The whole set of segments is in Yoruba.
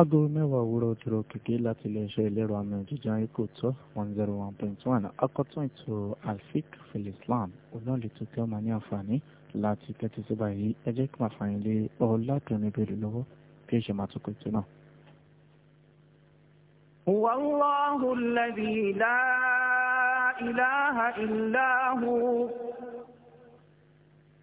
aago mẹ́wàá òwúrọ̀ òtúrò kìkì láti iléeṣẹ́ ìlérò àmì òjìjà ikú tó one zero one point one akọ́tún ètò alfik fil islam olóòlètò tí ó máa ní àǹfààní láti tẹ́tí sí báyìí ẹ jẹ́ kí màá fààyàn lé ọ̀làdùnní bèrè lọ́wọ́ kí èṣe máa tókò ètò náà. wàlláhu alladhi la ilaha illa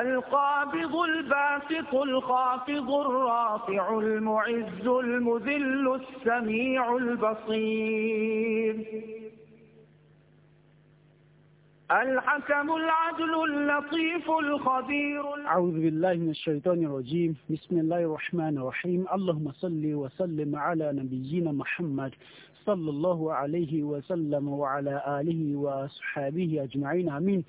القابض الباسط الخافض الرافع المعز المذل السميع البصير الحكم العدل اللطيف الخبير أعوذ بالله من الشيطان الرجيم بسم الله الرحمن الرحيم اللهم صل وسلم على نبينا محمد صلى الله عليه وسلم وعلى آله وأصحابه أجمعين آمين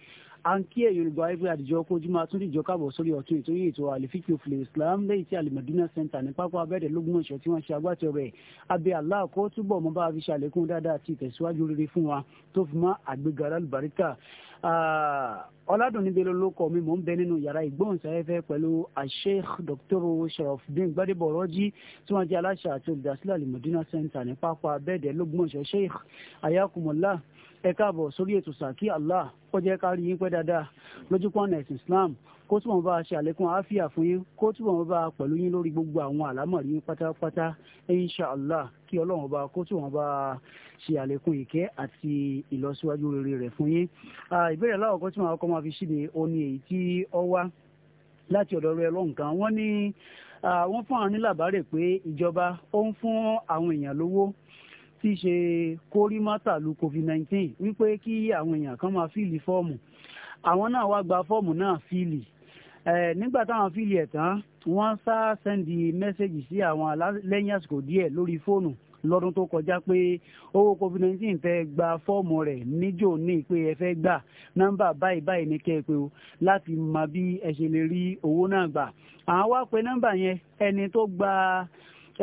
à ń kí ẹ̀yọ́ olùgbà ẹgbẹ́ àdìjọ kojúmọ́ àtúndì ìjọ káàbọ̀ sórí ọ̀tún ètò yìí ètò àlìfíkì òfìlè Islam lẹ́yìn tí Alimadina Center ní pápá abẹ́rẹ́ lógúnmọ̀ṣọ́ tí wọ́n ṣe agbátẹ̀ rẹ̀ abẹ́ Allah kó túbọ̀ mọ́ bá a fi ṣàlékún dáadáa àti ìtẹ̀síwájú rere fún wa tó fi mọ́ àgbéga alálùbáríkà ọ̀làdùnní bẹ́ẹ̀ lórúkọ mi mò ń bẹ nínú yàrá ìgbóhùnsáfẹ́fẹ́ pẹ̀lú Sheikh Dr. Sharafdin Center ní pápá abẹ́rẹ́ lógúnmọ̀ṣọ́ Sheikh ẹ káàbọ̀ sórí ètò sàkí Allah ó jẹ́ ká rí yín pẹ́ dáadáa lójú pọ́n ẹ̀sìn Islam kó túbọ̀ bá a ṣe àlékún àáfíà fún yín kó túbọ̀ bá a pẹ̀lú yín lórí gbogbo àwọn àlámọ̀rí yín pátápátá insha Allah kí ọlọ́run bá kó túbọ̀ bá a ṣe àlékún ìkẹ́ àti ìlọsíwájú rere rẹ̀ fún yín. ìbéèrè aláwọ̀kọ́ tí màá kọ́ máa fi ṣíde ó èyí tí ó wá láti ọ̀dọ̀ rẹ̀ lọ́nkàn wọ́n fún àwọn nílàbárẹ̀ pé ìjọba ó ń fún àwọn èèyàn lówó ti ṣe kórìmátàlú covid nineteen wípé kí àwọn èèyàn kan máa fíìlì fọ́ọ̀mù àwọn náà wá gba fọ́ọ̀mù náà fíìlì nígbà táwọn fíìlì ẹ̀ tán wọ́n sá sẹ́ndì mẹ́sẹ̀gì sí àwọn lẹ́yìn àsìkò díẹ̀ lórí fóònù lọ́dún tó kọjá pé owó covid nineteen fẹ́ gba fọ́ọ̀mù rẹ̀ níjò ní pé ẹ fẹ́ gbà nọ́mbà báyìí báyìí ní kẹ́ẹ̀pẹ́ o láti mọ bí ẹ ṣe lè rí owó náà gbà àwọn wá pé nọ́mbà yẹn ẹni tó gba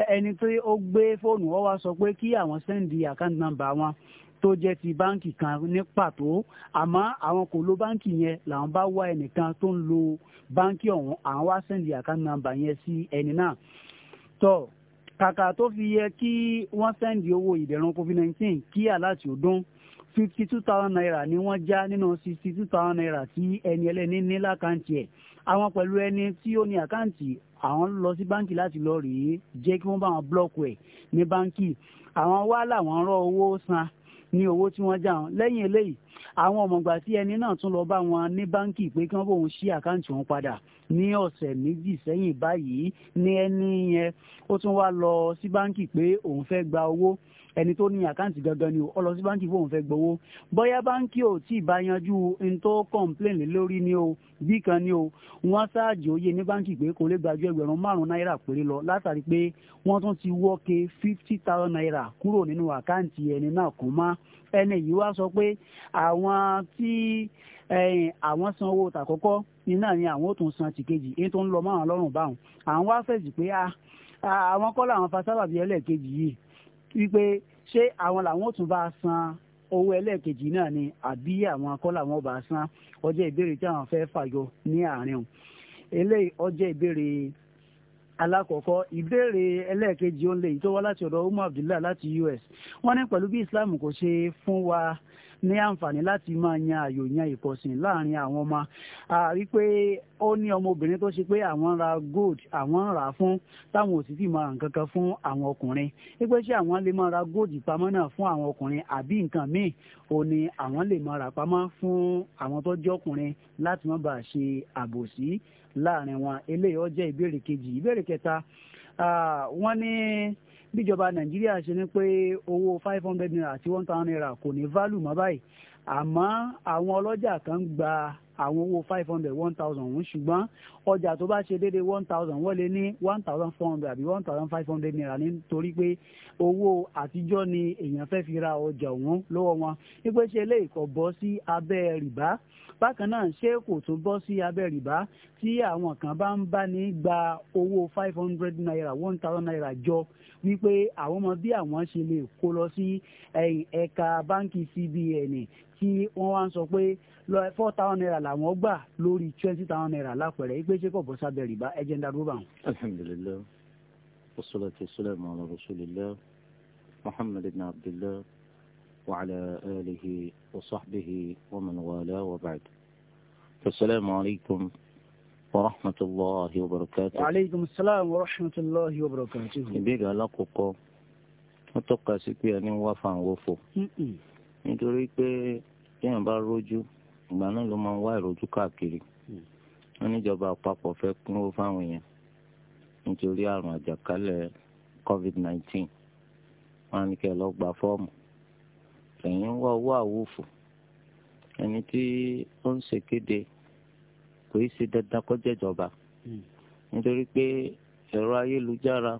ẹni tó ó gbé fóònù wọ́n wá sọ pé kí àwọn sẹ́ndì àkáǹtì nàmbà wọn tó jẹ́ ti báǹkì kan ní pàtó àmọ́ àwọn kò lo báǹkì yẹn làwọn bá wá ẹnìkan tó ń lo báǹkì ọ̀hún àwọn wá sẹ́ndì àkáǹtì nàmbà yẹn sí ẹni náà tó kàkà tó fi yẹ kí wọ́n sẹ́ndì owó ìdẹ̀rùn covid nineteen kí aláàtì ó dún fifty two thousand naira ni wọ́n já nínú sixty two thousand naira tí ẹni ẹlẹ́ni ní lákàntì ẹ̀ àwọn pẹ̀lú ẹni tí ó ní àkáǹtì àwọn lọ sí báǹkì láti lọ rèé jẹ́ kí wọ́n bá wọn blọ́ọ̀kù ẹ̀ ní báǹkì àwọn wá làwọn rọ owó san ní owó tí wọ́n já wọn lẹ́yìn eléyìí àwọn ọmọọgbà tí ẹni náà tún lọ bá wọn ní báǹkì pé kí wọ́n bóun ṣí àkáǹtì wọn padà ní ọ̀sẹ̀ méjì sẹ́yìn báyìí ní ẹni yẹn ó tún wá lọ sí báǹkì pé òun fẹ́ gba owó ẹni tó ní àkáǹtì gangan ni ó lọ sí báńkì fóun fẹ́ gbowó bóyá báńkì ò tí ì bá yanjú n tó kọ̀ǹplẹ̀n lé lórí ni o bí kan ni o wọ́n ṣáàjì òye ní báńkì pé kò lè gbajú ẹgbẹ̀rún márùn náírà péré lọ látàrí pé wọ́n tún ti wọ́ọ̀kẹ́ fifty thousand naira kúrò nínú àkáǹtì ẹni náà kò má ẹni yìí wá sọ pé àwọn tí àwọn san owó tàkọ́kọ́ iná ni àwọn ò tún san tìkejì èyí tó ń lọ márùn-ún lọ́rùn báwọn àwọn wá fẹ̀sì pé ah, ah, àwọn kọ́ làwọn fa ẹlẹ́ẹ̀kejì yìí wípé ṣé àwọn làwọn tún bá san owó ẹlẹ́ẹ̀kejì náà ni àbí àwọn akọ́ làwọn bá san ó jẹ́ ìbéèrè tí àwọn fẹ́ fàyọ ní àárín o eléyìí ó ìbéèrè alákọ̀ọ́kọ́ ìbéèrè ẹlẹ́ẹ̀kejì ó ń lè yìí tó wá láti ọ̀dọ̀ Umar Abdullah láti US wọ́n ní pẹ̀lú bí Islam kò ṣe fún wa ní àǹfààní láti máa yan àyò yan ìkọ̀sìn láàrin àwọn ọmọ àrí pé ó ní ọmọbìnrin tó ṣe pé àwọn ra gold àwọn ń rà á fún táwọn ò sì ti máa nǹkan kan fún àwọn ọkùnrin wípé ṣé àwọn lè máa ra gold pamọ́ náà fún àwọn ọkùnrin àbí nǹkan míì ò ní àwọn lè máa rà pamọ́ fún àwọn tó jọ́kùnrin láti má bàa ṣe àbòsí láàrin wọn eléyìí ó jẹ́ ìbéèrè kejì ìbéèrè kẹta wọ́n ní bíjọba nàìjíríà ṣe ní pé owó five hundred naira àti one thousand naira kò ní value mọ́ báyìí àmọ́ àwọn ọlọ́jà kan gba àwọn owó five hundred one thousand ọ̀hún ṣùgbọ́n ọjà tó bá ṣe déédéé one thousand wọ́n lé ní one thousand four hundred àbí one thousand five hundred naira nítorí pé owó àtijọ́ ni èèyàn fẹ́ fi ra ọjà ọ̀hún lọ́wọ́ wọn wípé ṣe eléyìí kò bọ́ sí abẹ́ rìbá bákan náà ṣé kò tún bọ́ sí abẹ́ rìbá tí àwọn kan bá ń bá ní gba owó five hundred naira one thousand naira jọ wípé àwọn ọmọ bí àwọn ṣe lè kó lọ sí ẹ̀ka báńkì CBN tí wọ́n wá ń sọ pé lọ four thousand naira làwọn gbà lórí twenty thousand naira lápẹ̀rẹ̀ ìpè ṣe kò bọ́ sábẹ́ rìbá ẹ̀jẹ̀ ń darúgbà wọn. alhamdulillah wassalatu wassalamu ala rasulillah muhammad ibn abdullah wa ala alihi wa sahbihi wa man wala wa ba'd. assalamu alaykum wa rahmatulahi wa barakatuh. wa aleykum salaam wa rahmatulahi wa barakatuh. ìbéèrè alákọ̀ọ́kọ́ wọ́n tọ́ka sí téèyàn bá rójú ìgbà náà ló máa ń wá ìrójú káàkiri hmm. wọn níjọba àpapọ̀ fẹ́ pínwó fáwọn èèyàn nítorí àrùn àjàkálẹ̀ covid-19 wọn á ní kẹ́ ẹ lọ gba fọ́ọ̀mù ẹ̀yìn ń wá owó àwòfò ẹni tí ó ń ṣèkéde kò í ṣe dandan kó jẹ́jọba hmm. nítorí pé ẹ̀rọ ayélujára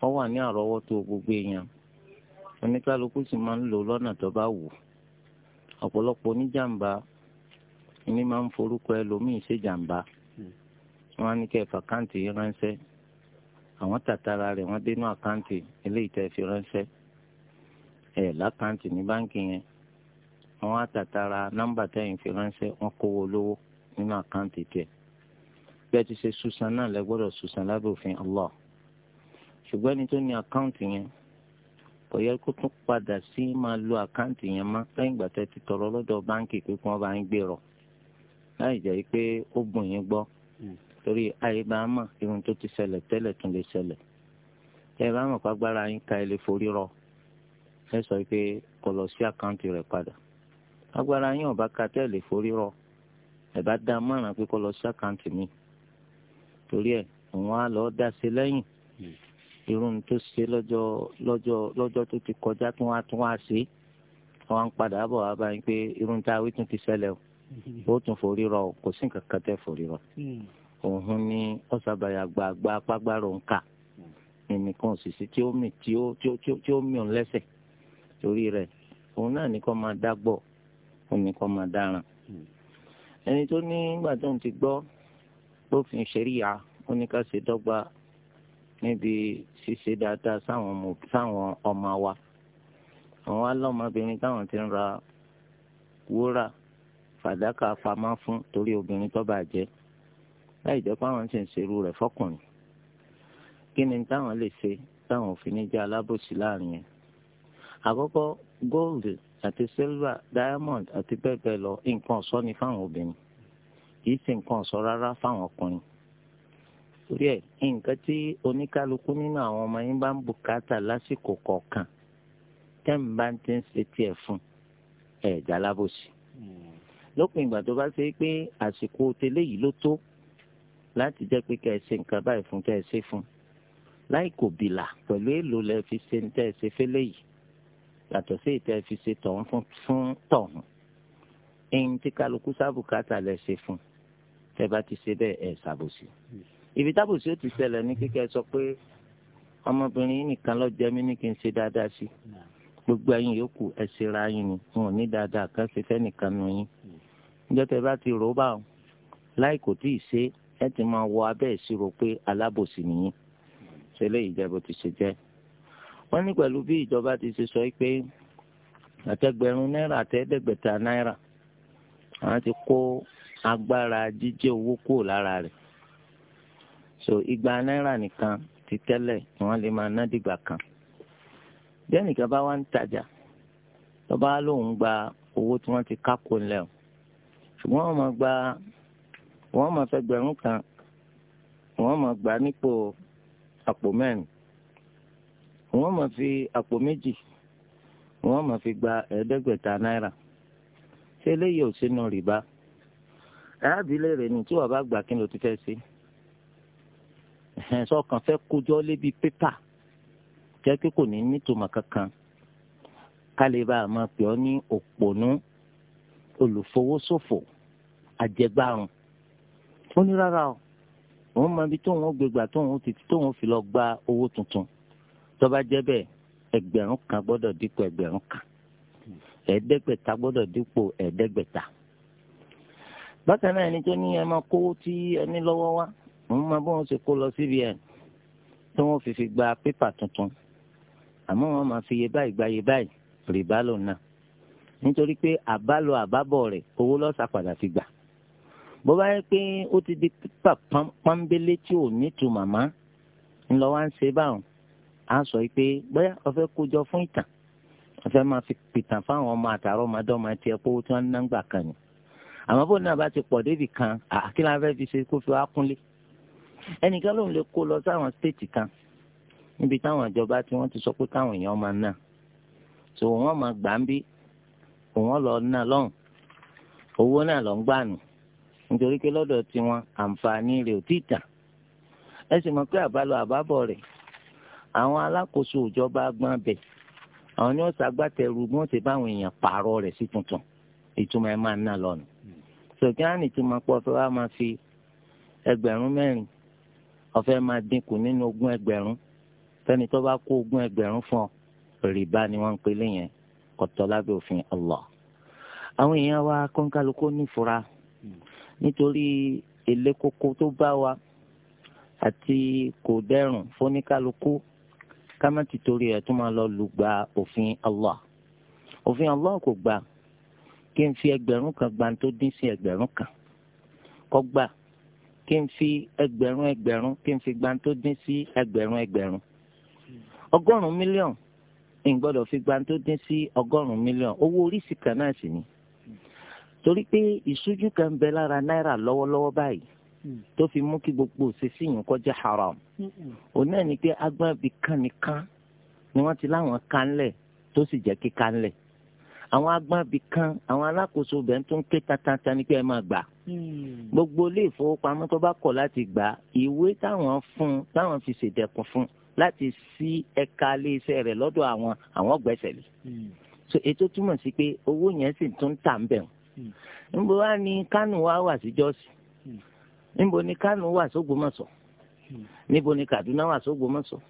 wọ́n wà ní àrọ́wọ́tó gbogbo èèyàn oníkálukú sì máa ń lò lọ́nà tó ọ̀pọ̀lọpọ̀ oníjàmbá ni máa ń forúkọ ẹlòmíì ṣèjàmbá hmm. wọn á ní kẹ́ fà káǹtì yìí ránṣẹ́ àwọn tàtàrà rẹ̀ wọ́n dénú àkáǹtì eléyìí tẹ́ fi ránṣẹ́ ẹ̀ lákáǹtì ní báǹkì yẹn àwọn àtàtàrà nọ́mbà tẹ́yìn fi ránṣẹ́ wọ́n kówó lówó nínú àkáǹtì tiẹ̀ bẹ́ẹ̀ ti ṣe susan náà lẹ gbọ́dọ̀ susan lábẹ́ òfin Allah ṣùgbọ́n ẹni tó ní àkáǹtì yẹn kò yẹ kó tún padà sí máa lo àkáǹtì yẹn mọ́ lẹ́yìn ìgbà tẹ́ ti tọrọ lọ́dọ̀ báǹkì pé kí wọ́n bá ń gbèrò láì jẹ́ pé ó gùn yín gbọ́ hmm. torí ayé bá a mọ̀ irun tó ti ṣẹlẹ̀ tẹ́lẹ̀ tún lè ṣẹlẹ̀ ẹ bá mọ̀ pàgbára yín ka ẹ lè forí rọ ẹ sọ pé kò lọ sí àkáǹtì rẹ̀ padà agbára yín ọba ka tẹ́ lè forí rọ ẹ bá dá mọ̀ràn pé kò lọ sí àkáǹtì mi torí ẹ òun á lọ dá sí lẹ́yìn hmm irun tó ṣe lọ́jọ́ lọ́jọ́ lọ́jọ́ tó ti kọjá tó wá tó wá ṣe wọn ń padà bọ̀ wá báyìí pé irun tá a wí tún ti ṣẹlẹ̀ o ó tún forí rọ kò sí nǹkan kan tẹ́ forí rọ hmm. òun ni ọ̀sàbàyà gbàgbà pàgbàrò ń kà ẹnìkan òṣìṣẹ́ tí ó mì tí ó tí ó tí ó mì òun lẹ́sẹ̀ torí rẹ̀ òun náà ní kó máa dágbọ̀ òun ní máa dáràn hmm. ẹni tó ní gbàdúrà ti gbọ́ lófin ṣẹ̀ríyà ó ní níbi ṣíṣe dáadáa sáwọn ọmọ wa àwọn alọ́mọbìnrin táwọn ti ń ra wúrà fàdákà pamọ́ fún torí obìnrin tó bàjẹ́ láì jẹ́ pé àwọn sì ń ṣerú rẹ̀ fọkùnrin kí ni táwọn lè ṣe táwọn òfin ní jẹ́ alábòsí láàrin yẹn àkọ́kọ́ gold àti silver diamond àti bẹ́ẹ̀ bẹ́ẹ̀ lọ nǹkan ọ̀ṣọ́ ni fáwọn obìnrin kì í ṣe nǹkan ọ̀ṣọ́ rárá fáwọn ọkùnrin torí ẹ nǹkan tí oníkálukú nínú àwọn ọmọ yín bá ń bùkátà lásìkò kọ̀ọ̀kan tẹ́mi bá ti ń ṣe tiẹ̀ fún ẹ̀ jálábòsì. lópin ìgbà tó bá ṣe pé àsìkò tẹ́lẹ̀ yìí ló tó láti jẹ́ pé kẹ́ ẹ ṣe nǹkan báyìí fún tẹ́ ẹ ṣe fún láì kò bìlà pẹ̀lú èèlò lẹ fi ṣe ń tẹ́ fẹ́lẹ̀ yìí yàtọ̀ sí ìtẹ́ fi ṣe tọ̀hún fún tọ̀hún ibi tábùsí ó ti ṣẹlẹ̀ ní kíkẹ́ sọ pé ọmọbìnrin yìí nìkan ló jẹ́ mí ní kí n ṣe dáadáa sí gbogbo ẹ̀yin yòókù ẹ ra yín ni wọn ò ní dáadáa kan ṣe fẹ́ nìkan nu yín níjọ́ tẹ́ bá ti rò ó bá wọn láì kò tí ì ṣe ẹ ti máa wọ abẹ́ ìṣirò pé alábòsí nìyí ṣe lè jẹ́ ti ṣe jẹ́ wọ́n ní pẹ̀lú bí ìjọba ti ṣe sọ pé àtẹgbẹ̀rún náírà àtẹ́ẹ̀dẹ́gbẹ̀ta náírà àwọn ti kó agbára jíjẹ́ owó kúrò lára rẹ̀ so igba náírà nìkan ti tẹ́lẹ̀ ni wọ́n lè máa ná dìgbà kan bí ẹnìkan bá wá ń tajà lọ́ba lòun gba owó tí wọ́n ti kákó ńlẹ̀ o ṣùgbọ́n wọ́n máa gba wọ́n máa fẹ́ gbẹ̀rún kan wọ́n máa gbà nípò àpò mẹ́rin wọ́n máa fi àpò méjì wọ́n máa fi gba ẹ̀ẹ́dẹ́gbẹ̀ta náírà ṣé eléyìí ò sínú rìbá ẹ̀ ni tí wàá bá gbà kí ló ti fẹ́ sí sọkàn fẹ́ kójọ lébi pépà jẹ́ pé kò ní nítumọ̀ kankan ká lè bá a máa pè ọ́ ní òpònú olùfowóṣòfò àjẹgbárùn ó ní rárá o òun mọ ibi tóun ó gbégbà tóun títí tóun fi lọ gba owó tuntun tó bá jẹ́ bẹ́ẹ̀ kan gbọ́dọ̀ dípò ẹgbẹ̀rún kan ẹ̀ẹ́dẹ́gbẹ̀ta gbọ́dọ̀ dípò ẹ̀ẹ́dẹ́gbẹ̀ta bákan náà ẹni tó ní ẹ máa kówó tí ẹni lọ́wọ́ wá ń mọ bí wọ́n ṣe kó lọ CBN tí wọ́n fi fi gba pépà tuntun àmọ́ wọ́n máa fi yé báyìí gba yé báyìí rìbá lò náà nítorí pé àbálò àbábọ̀ rẹ̀ owó lọ́sà padà fi gbà bó bá yẹ pé ó ti di pépà pọ́nbélé tí ò ní tu màmá ńlọ wá ń ṣe báwọn á sọ pé bóyá ọ̀fẹ́ kójọ fún ìtàn ọ̀fẹ́ máa fi pìtàn fáwọn ọmọ àtàrọ̀ ọmọdé ọmọ ẹtì ẹ̀kọ́ tí wọ́n ń ná gbà kan ni àmọ́ bó náà bá ti pọ̀ débì kan àkínlá fẹ́ fi ṣe kó fi wá kúnlé ẹnìkan ló ń lè kó lọ sáwọn stéètì kan níbi táwọn ìjọba tí wọ́n ti sọ pé káwọn èèyàn máa ná so wọ́n máa gbà ń bí wọ́n lọ ná lọ́hùn owó náà lọ ń gbà nù nítorí pé lọ́dọ̀ tiwọn àǹfààní rẹ̀ ò tí ì tàn ẹ sì mọ̀ pé àbálọ àbábọ̀ rẹ̀ àwọn alákòóso ìjọba gbọ́n bẹ̀ àwọn ni wọ́n ṣàgbàtẹ̀rù bí wọ́n ti báwọn èèyàn pààrọ̀ rẹ̀ sí tuntun ìtumọ̀ ẹ máa ná lọ́nu sọ̀kí á nìtumọ̀ pọ̀ fẹ́ máa fi ẹgbẹ̀rún mẹ́rin ọ̀fẹ́ máa dínkù nínú ogún ẹgbẹ̀rún fẹ́ni tó bá kó ogún ẹgbẹ̀rún fún ọ rìbá ni wọ́n ń pè léyìn kọ̀tọ́ lábẹ́ òfin Allah. àwọn èèyàn wa kọ́ńkálukó nífura nítorí èlé kókó tó bá wa àti kò dẹrùn fóníkálukú ká má ti torí ẹ̀ tó máa lọ lùgbà òfin Allah. òfin Allah kò gbà kí n fi ẹgbẹ̀rún kan gba tó dín sí ẹgbẹ̀rún kan kọ́ gbà kí n fi ẹgbẹ̀rún ẹgbẹ̀rún kí n fi gba tó dín sí ẹgbẹ̀rún ẹgbẹ̀rún ọgọ́rùn-ún mílíọ̀n n gbọ́dọ̀ fi gba tó dín sí ọgọ́rùn-ún mílíọ̀n owó oríṣi kan náà sì ni torí pé ìṣújú kan bẹ lára náírà lọ́wọ́lọ́wọ́ báyìí tó fi mú kí gbogbo òṣèṣì yìí kọjá haram òun náà ni pé agbábi kan nìkan ni wọ́n ti láwọn kanlẹ̀ tó sì jẹ́ kíkanlẹ̀ àwọn agbábi kan àwọn alákòóso bẹ̀ ń tún ké tatata ni pé ẹ máa gbà gbogbo ilé ìfowópamọ́ tó bá kọ̀ láti gbà ìwé táwọn fún táwọn fi ṣèdẹ̀kùn fún láti sí ẹ̀ka iléeṣẹ́ rẹ̀ lọ́dọ̀ àwọn àwọn gbẹ́sẹ̀ lé so ètò túmọ̀ sí pé owó yẹn sì tún tà ń bẹ̀ wọ́n níbo wá ní kánò wá wà sí jọ́sì níbo ni kánò wà sógbómọ̀ṣọ́ níbo ni Kaduna wà sógbómọ̀ṣọ́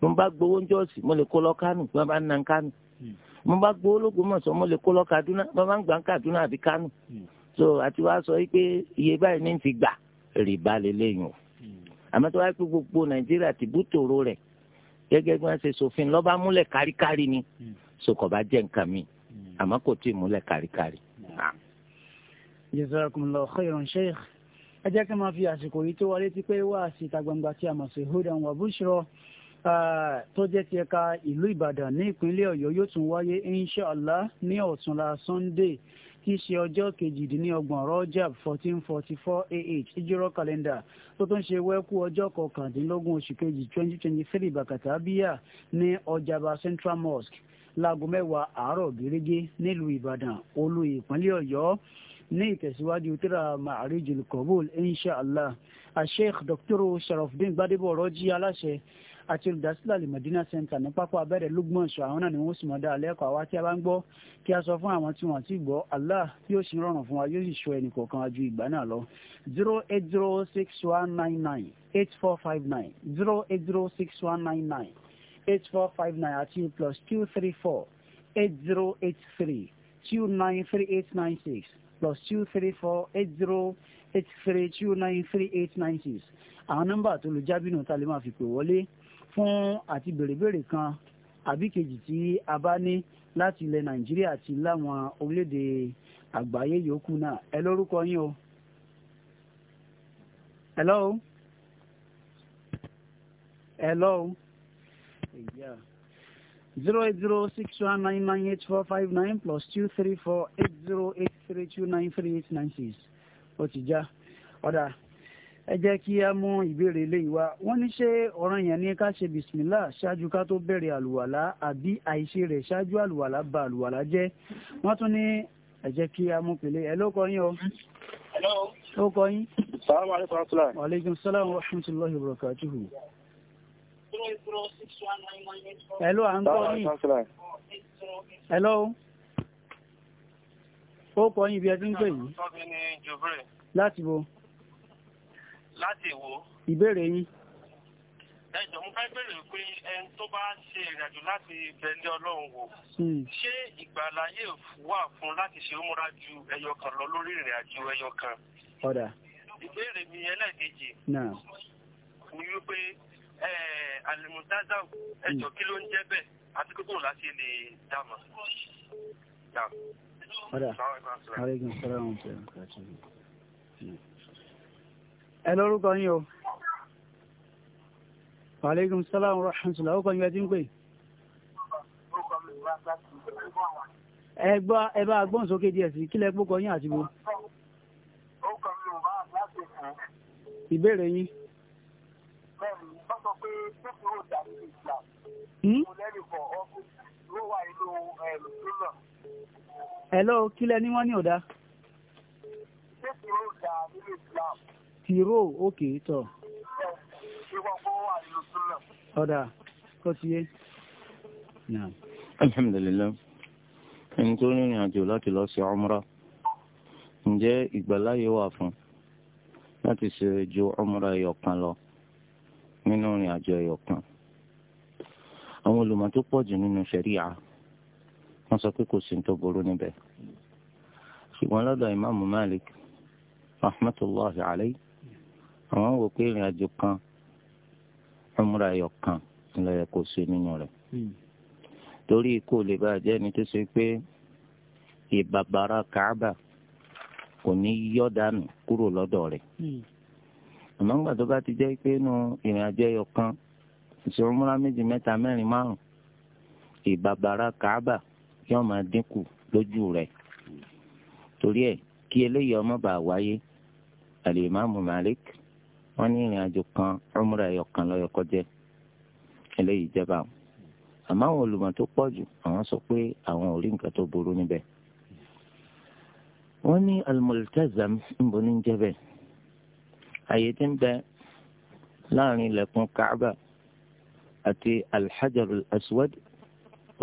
mo bá gbowó jọ́sì mo lè kó lọ kánò mo bá ń na kánò mo bá gbowó lógbómọ̀ṣọ́ mo lè kó lọ Kaduna mo bá ń gbà ń Kaduna àbí kánò so àti wàá sọ wípé iye báyìí ní ti gbà rìbá lélẹ́yìn o àmọ́ tó wáá pé gbogbo nàìjíríà ti bú tòró rẹ̀ gẹ́gẹ́ bí wọ́n ṣe ṣòfin lọ́ba múlẹ̀ káríkárí ni sokò bá jẹ́ nǹkan mi àmọ́ kò tí ì múlẹ̀ káríkárí. jazakumullahu khairan sheikh ẹ jẹ́ kí n máa fi àsìkò yìí tó wọlé tí pé wá síta gbangba tí a mọ̀ sí hudan wa bushra tó jẹ́ ti ẹ̀ka ìlú ìbàdàn ní ìpínlẹ̀ ọ̀yọ́ yóò tún wáyé inshallah ní ọ̀túnla sunday kí í ṣe ọjọ́ kejìdínlọ́gbọ̀n rọ́jàb fourteen forty four ah ìjírọ̀ kàlẹ́ndà tó tún ṣe wẹ́kú ọjọ́ kọkàndínlógún oṣù kejì twenty twenty three bàkàtà bíyà ní ọjàba central mosque láago mẹ́wàá àárọ̀ gẹ́gẹ́ nílùú ìbàdàn olú ìpínlẹ̀ ọ̀yọ́ ní ìtẹ̀síwájú tíra ma'arijul qabul insha allah asheikh dr sharafdin gbadebo ọ̀rọ̀ jí aláṣẹ àti olùdásílẹ̀ alimọ̀dínà center ní pápá abẹ́rẹ́ lọ́gbọ̀nsọ àwọn náà ni wọ́n sì mọ̀ dáa lẹ́kọ̀ọ́ àwa tí a bá ń gbọ́ kí a sọ fún àwọn tí wọ́n ti gbọ́ allah yóò ṣe rọrùn fún wa yóò sì ṣọ́ ẹnì kọ̀ọ̀kan ju ìgbà náà lọ zero eight zero six one nine nine eight four five nine zero eight zero six one nine nine eight four five nine àti plus two three four eight zero eight three two nine three eight nine six plus two three four eight zero eight three two nine three eight nine six àwọn nọ́mbà tó lu jábìnú tá a lè máa fi pè wọlé fún àti bèrèbèrè kan àbí kejì tí a bá ní láti ilẹ̀ nàìjíríà àti láwọn orílẹ̀-èdè àgbáyé yòókù náà ẹ lórúkọ yín o. hello. hello. five nine plus two two three three three four eight eight eight zero nine 2348083293896 ó ti já ọ̀dà ẹ jẹ́ kí a mú ìbéèrè eléyìí wá wọ́n ní ṣé ọ̀ràn yẹn ni ká ṣe bisimilá ṣáájú ká tó bẹ̀rẹ̀ àlùwàlá àbí àìṣe rẹ̀ ṣáájú àlùwàlá ba àlùwàlá jẹ́ wọ́n tún ní ẹ jẹ́ kí a mú pèlè ẹ ló kọ yín o. ó kọ yín. salaamu aleykum asalaam. aleykum salaam wa rahmatulahi wa barakatuhu. hello à ń gbọ́ yín. hello. ó kọ yín bí ẹ ti ń pè yín. láti bo láti wo. ìbéèrè yín. ẹjọ́ mo fẹ́ bèrè pé ẹni tó bá ṣe ìrìnàjò láti bẹ̀lẹ́ ọlọ́run wò. Hmm. ṣé ìgbàláyè wà fún láti ṣe múra ju ẹyọ kan lọ lórí ìrìnàjò ẹyọ kan. ọ̀dà. ìbéèrè mi ẹlẹ́ẹ̀kejì. náà. ni wípé alimusaza ẹjọ́ hmm. kí ló ń jẹ́ bẹ́ẹ̀ àti kókó láti lè dá mọ̀. Ọ̀dà. Ọ̀rẹ́gun, sọ́ra wọn tẹ̀lé ẹ lórúkọ yín o wàlẹ́gùn sálàmù rahmatulah ó kọ́ yín ẹ ti ń pè. ẹgbọ́ ẹ bá gbọ́n sókè díẹ̀ sí kílẹ̀ púpọ̀ yín àti wo. ìbéèrè yín. Hmm? hello kílẹ̀ ni wọ́n ní ọ̀dà tìró òkè tọ̀. ọ̀dà kọ́ ti yé. alhamdulilayi ẹni tó rìnrìn àjò láti lọ sí ọmọrá ǹjẹ́ ìgbàláyé wà fún láti ṣe ju ọmọrá ẹyọkan lọ nínú ìrìn àjò ẹyọkan àwọn olùmọ̀ tó pọ̀ jù nínú ṣẹ̀ríà wọ́n sọ pé kò sí ní tó níbẹ̀ ṣùgbọ́n lọ́dọ̀ ìmáàmù Malik rahmatulahi alayhi àwọn wò pé ìrìn àjò kan ọmúra ẹyọ kan ló yẹ kó ṣe nínú rẹ̀ hmm. torí kò lè bá jẹ́ ẹni tó ṣe pé ìbàbàrà káàbà kò ní yọ dànù kúrò lọ́dọ̀ rẹ̀ hmm. àmọ́ ńgbà tó bá ti jẹ́ pé inú ìrìn àjò ẹyọ kan ìṣòro múra méjì mẹ́ta mẹ́rin márùn ìbàbàrà káàbà yóò máa dínkù lójú rẹ̀ hmm. torí ẹ̀ kí eléyìí ọmọ bá wáyé Al-Imam Malik wọ́n ní ìrìn àjò kan ọmúra ẹ̀yọ̀ kan lọ́yọ̀ kọjẹ́ eléyìí jẹba àmọ́ àwọn olùmọ̀ tó pọ̀ jù àwọn sọ pé àwọn ò rí nǹkan tó burú níbẹ̀ wọ́n ní almultazam ń bo ní jẹ́bẹ̀ àyè tí ń bẹ láàrin ilẹ̀kùn kaaba àti alhajar aswad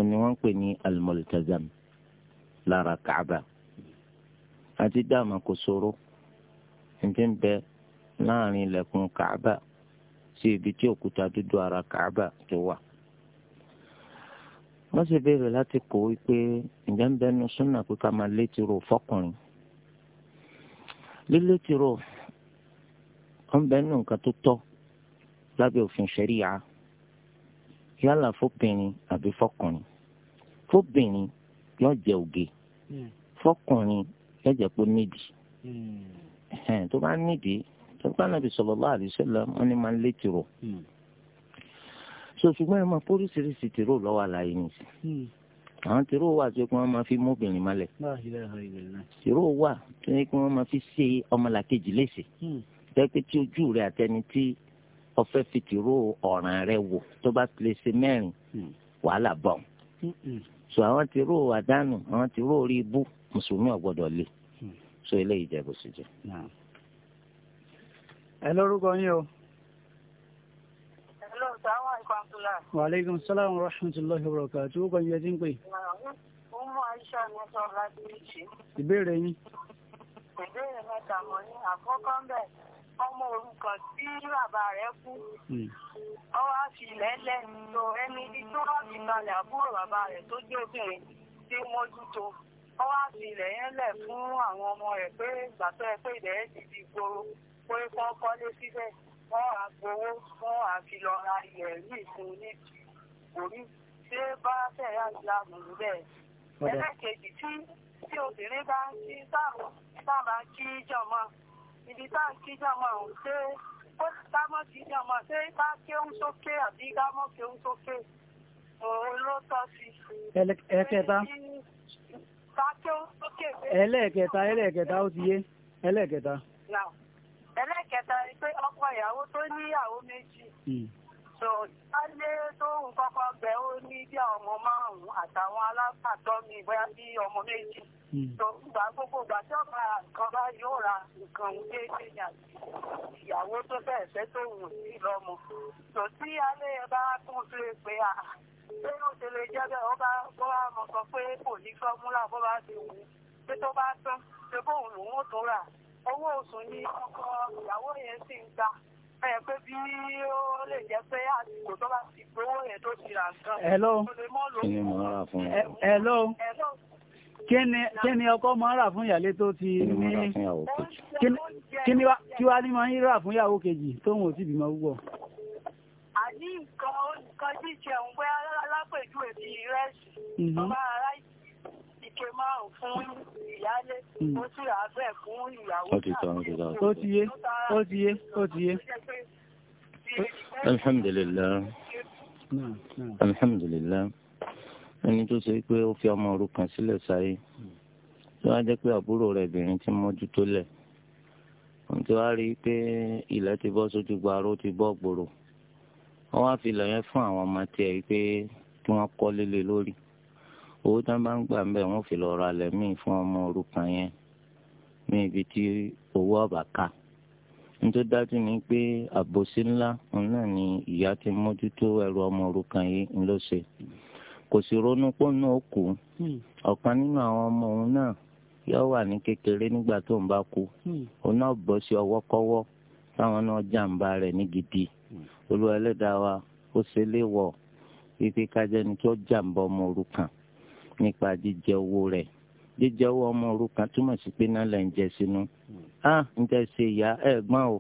ni wọ́n pè ní almultazam lára kaaba àti dáàmà kò ṣòro ń ti ń bẹ láàrin ilẹ̀kùn kàábà sí ibi tí òkúta dúdú ara kàábà tó wà. wọ́n sì béèrè láti kó wípé ǹjẹ́ ń bẹnu súnà pé ká máa létí fọkùnrin. lílétí ro ń bẹnu nǹkan tó tọ́ lábẹ́ òfin ṣẹ̀ríya yálà fóbìnrin àbí fọkùnrin fóbìnrin yóò jẹ òge hmm. fọkùnrin yóò jẹ pé nídìí hmm. tó bá nídìí tọ́pẹ́ ànábì sallallahu alaihi wasallam wọ́n ní máa ń lé tìrò hmm. so ṣùgbọ́n ẹ máa póríṣiríṣi tìrò lọ́wọ́ àlàyé nìyí hmm. àwọn tìró wà tó yẹ kí wọn máa fi móbìnrin malẹ tìró wà tó yẹ kí wọn máa fi ṣe ọmọlàkejì léṣe hmm. tẹ́pẹ́ tí ojú rẹ àtẹni tí ọfẹ́ fi tìró ọ̀ràn rẹ wò tó bá lè ṣe mẹ́rin wàhálà bọ̀ so àwọn tìró àdánù àwọn tìró orí ibú mùsùlùmí ò gbọ́dọ̀ so eléyìí jẹ́ bó ṣe jẹ́. ẹ lórúkọ yín o. ẹ̀lọ́ sàwọn ìkọ̀ǹtùlà. wàlẹ́kùn sálàmù rahmatullahi wa barakatuh tí ó kọ́ yẹ tí ń aisha ni sọ láti ìbéèrè yín. ìbéèrè ọmọ òrukàn tí bàbá rẹ̀ kú. ọ hmm. wá fi ilẹ̀ lẹ̀ ẹni tó wá fi rẹ̀ tó obìnrin tí mójútó ọ wá pé wọ́n kọ́lé síbẹ̀ wọ́n á gbowó wọ́n á fi lọ ra ilẹ̀ yìí fún ní orí ṣé bá fẹ̀yà ìlànà bẹ́ẹ̀. ẹlẹ́kejì tí tí obìnrin bá ń kí sábà kí jọmọ ibi tá à ń kí jọmọ ọ̀hún ṣé ká mọ́ kí jọmọ ṣé ká kéhùn sókè àbí ká mọ́ kéhùn sókè òun ló tọ́ sí. ẹ̀kẹta ẹlẹ́ẹ̀kẹta ẹlẹ́ẹ̀kẹta ó ti yé ẹlẹ́ẹ̀kẹta ẹlẹ́ẹ̀kẹta ni pé ọkọ ìyàwó tó níyàwó méjì hmm. so sáyé tó ń kọ́kọ́ bẹ̀ ó ní bí ọmọ márùn àtàwọn alábàtọ́ mi bóyá bí ọmọ méjì hmm. so gbà gbogbo gbà tí ọba kan bá yóò ra nǹkan déédéé ní ìyàwó tó bẹ̀rẹ̀ fẹ́ tó wù sí lọ́mọ so tí alẹ́ ẹ bá tún fi pé à pé ó ṣe lè jẹ́ bẹ́ẹ̀ ó bá bọ́ra mọ̀ sọ pé kò ní fọ́múlà bó bá ti wù pé tó bá tán ṣe bóun lòun ó tó rà owó oṣù ni ọkọ ìyàwó yẹn sì ń gbà ẹ pé bí ó lè jẹ́ pé àsìkò tó bá ti gbowó yẹn tó ti rà nǹkan. hello hello kí ni ọkọ máa ń rà fún ìyàlé tó ti ní kí wá ní máa ń rà fún ìyàwó kejì tóun ò sì bímọ púpọ̀. àní nǹkan nǹkan jíjẹun pé alápèjú èmi rẹ́sì ọba mhm. aráyé ike márùn fún ìyálé hmm. ó sì rà bẹ́ẹ̀ fún ìyàwó náà. ó ti yé ó ti yé ó ti yé. alhamdulilayi alhamdulilayi ẹni tó ṣe pé ó fi ọmọ òrukàn sílẹ̀ sáyé tó wá jẹ́ pé àbúrò rẹ̀ obìnrin ti mójútó lẹ̀ tó wá rí i pé ilẹ̀ ti bọ́ sójú gbàrú ti bọ́ gbòòrò wọ́n wá fi lẹ̀ yẹn fún àwọn ọmọ tiẹ̀ pé kí wọ́n kọ́ lélẹ̀ lórí. owó tí wọ́n bá ń gbà ń bẹ̀ wọ́n fi lọ ra lẹ̀ míì fún ọmọ òrukàn yẹn ní ibi tí owó ọba ká nítorí dájú ni pé àbòsí ńlá òun náà ni ìyá ti mójútó ẹrù ọmọ òrukàn yìí ló ṣe kò sì ronú hmm. ọ̀kan nínú àwọn ọmọ òun náà yóò wà ní kékeré nígbà tó ń bá kú hmm. òun náà bọ́ sí táwọn náà jàǹbá hmm. nípa jíjẹ owó rẹ̀ jíjẹ owó ọmọ òrukàn túmọ̀ sí pé náà lẹ́ ń jẹ sínú á hmm. ah, ń jẹ́ ṣe ìyá ẹ̀gbọ́n o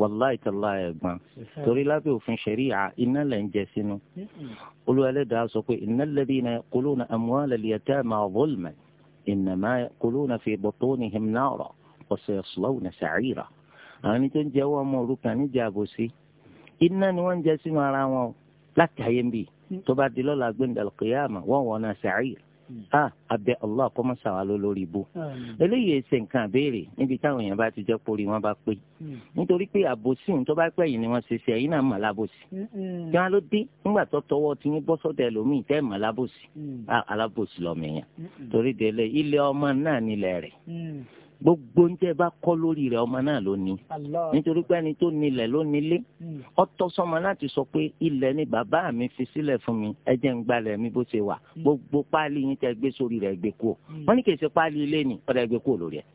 wàláì tàlá ẹ̀gbọ́n torí lábẹ́ òfin ṣẹ̀ríà iná lẹ́ ń jẹ sínú hmm. olùwàlẹ́dàá sọ pé innal ladhina yaquluna amwalal yatama zulman innama yaquluna fi butunihim nara wa sayaslawna sa'ira àwọn tó ń jẹ owó ọmọ òrukàn níjà àbòsí iná ni wọ́n ń jẹ sínú ara wọn láti ayé ń bì hmm. tó bá di lọ́la gbẹ̀ndàlùkìyàmà wọ́n wọ́n náà sa'ira Hmm. Ah, abẹ Allah kó má ṣàwá ló lórí ibú hmm. eléyìí ṣe nǹkan àbẹ́rẹ́ níbi táwọn èèyàn bá ti jẹ́ porí wọn bá pé hmm. nítorí pé àbòsí tó bá pẹ́ yìí ni wọ́n ṣe ṣe ẹ̀yin náà mà lábòsí kí wọ́n ló dé nígbà tó tọwọ́ ti yín bọ́ sọ́dọ̀ ẹlòmíì tẹ́ mà lábòsí ah, alábòsí lọ́mọ èèyàn torí délé ilé ọmọ náà nílẹ̀ rẹ̀ gbogbo ń tẹ́ bá kọ́ lórí rẹ̀ ọmọ náà ló ní nítorí pé ẹni tó nílẹ̀ ló nílé ọtọ́ hmm. sọmọ láti sọ pé ilẹ̀ ni bàbá mi fi sílẹ̀ fún mi ẹ ń gbalẹ̀ mi bó ṣe wà hmm. gbogbo páálí yín tẹ́ gbé sórí rẹ̀ gbé kú hmm. wọ́n ní kì í ṣe páálí ilé ni ọ̀dà gbé kú lórí ẹ̀.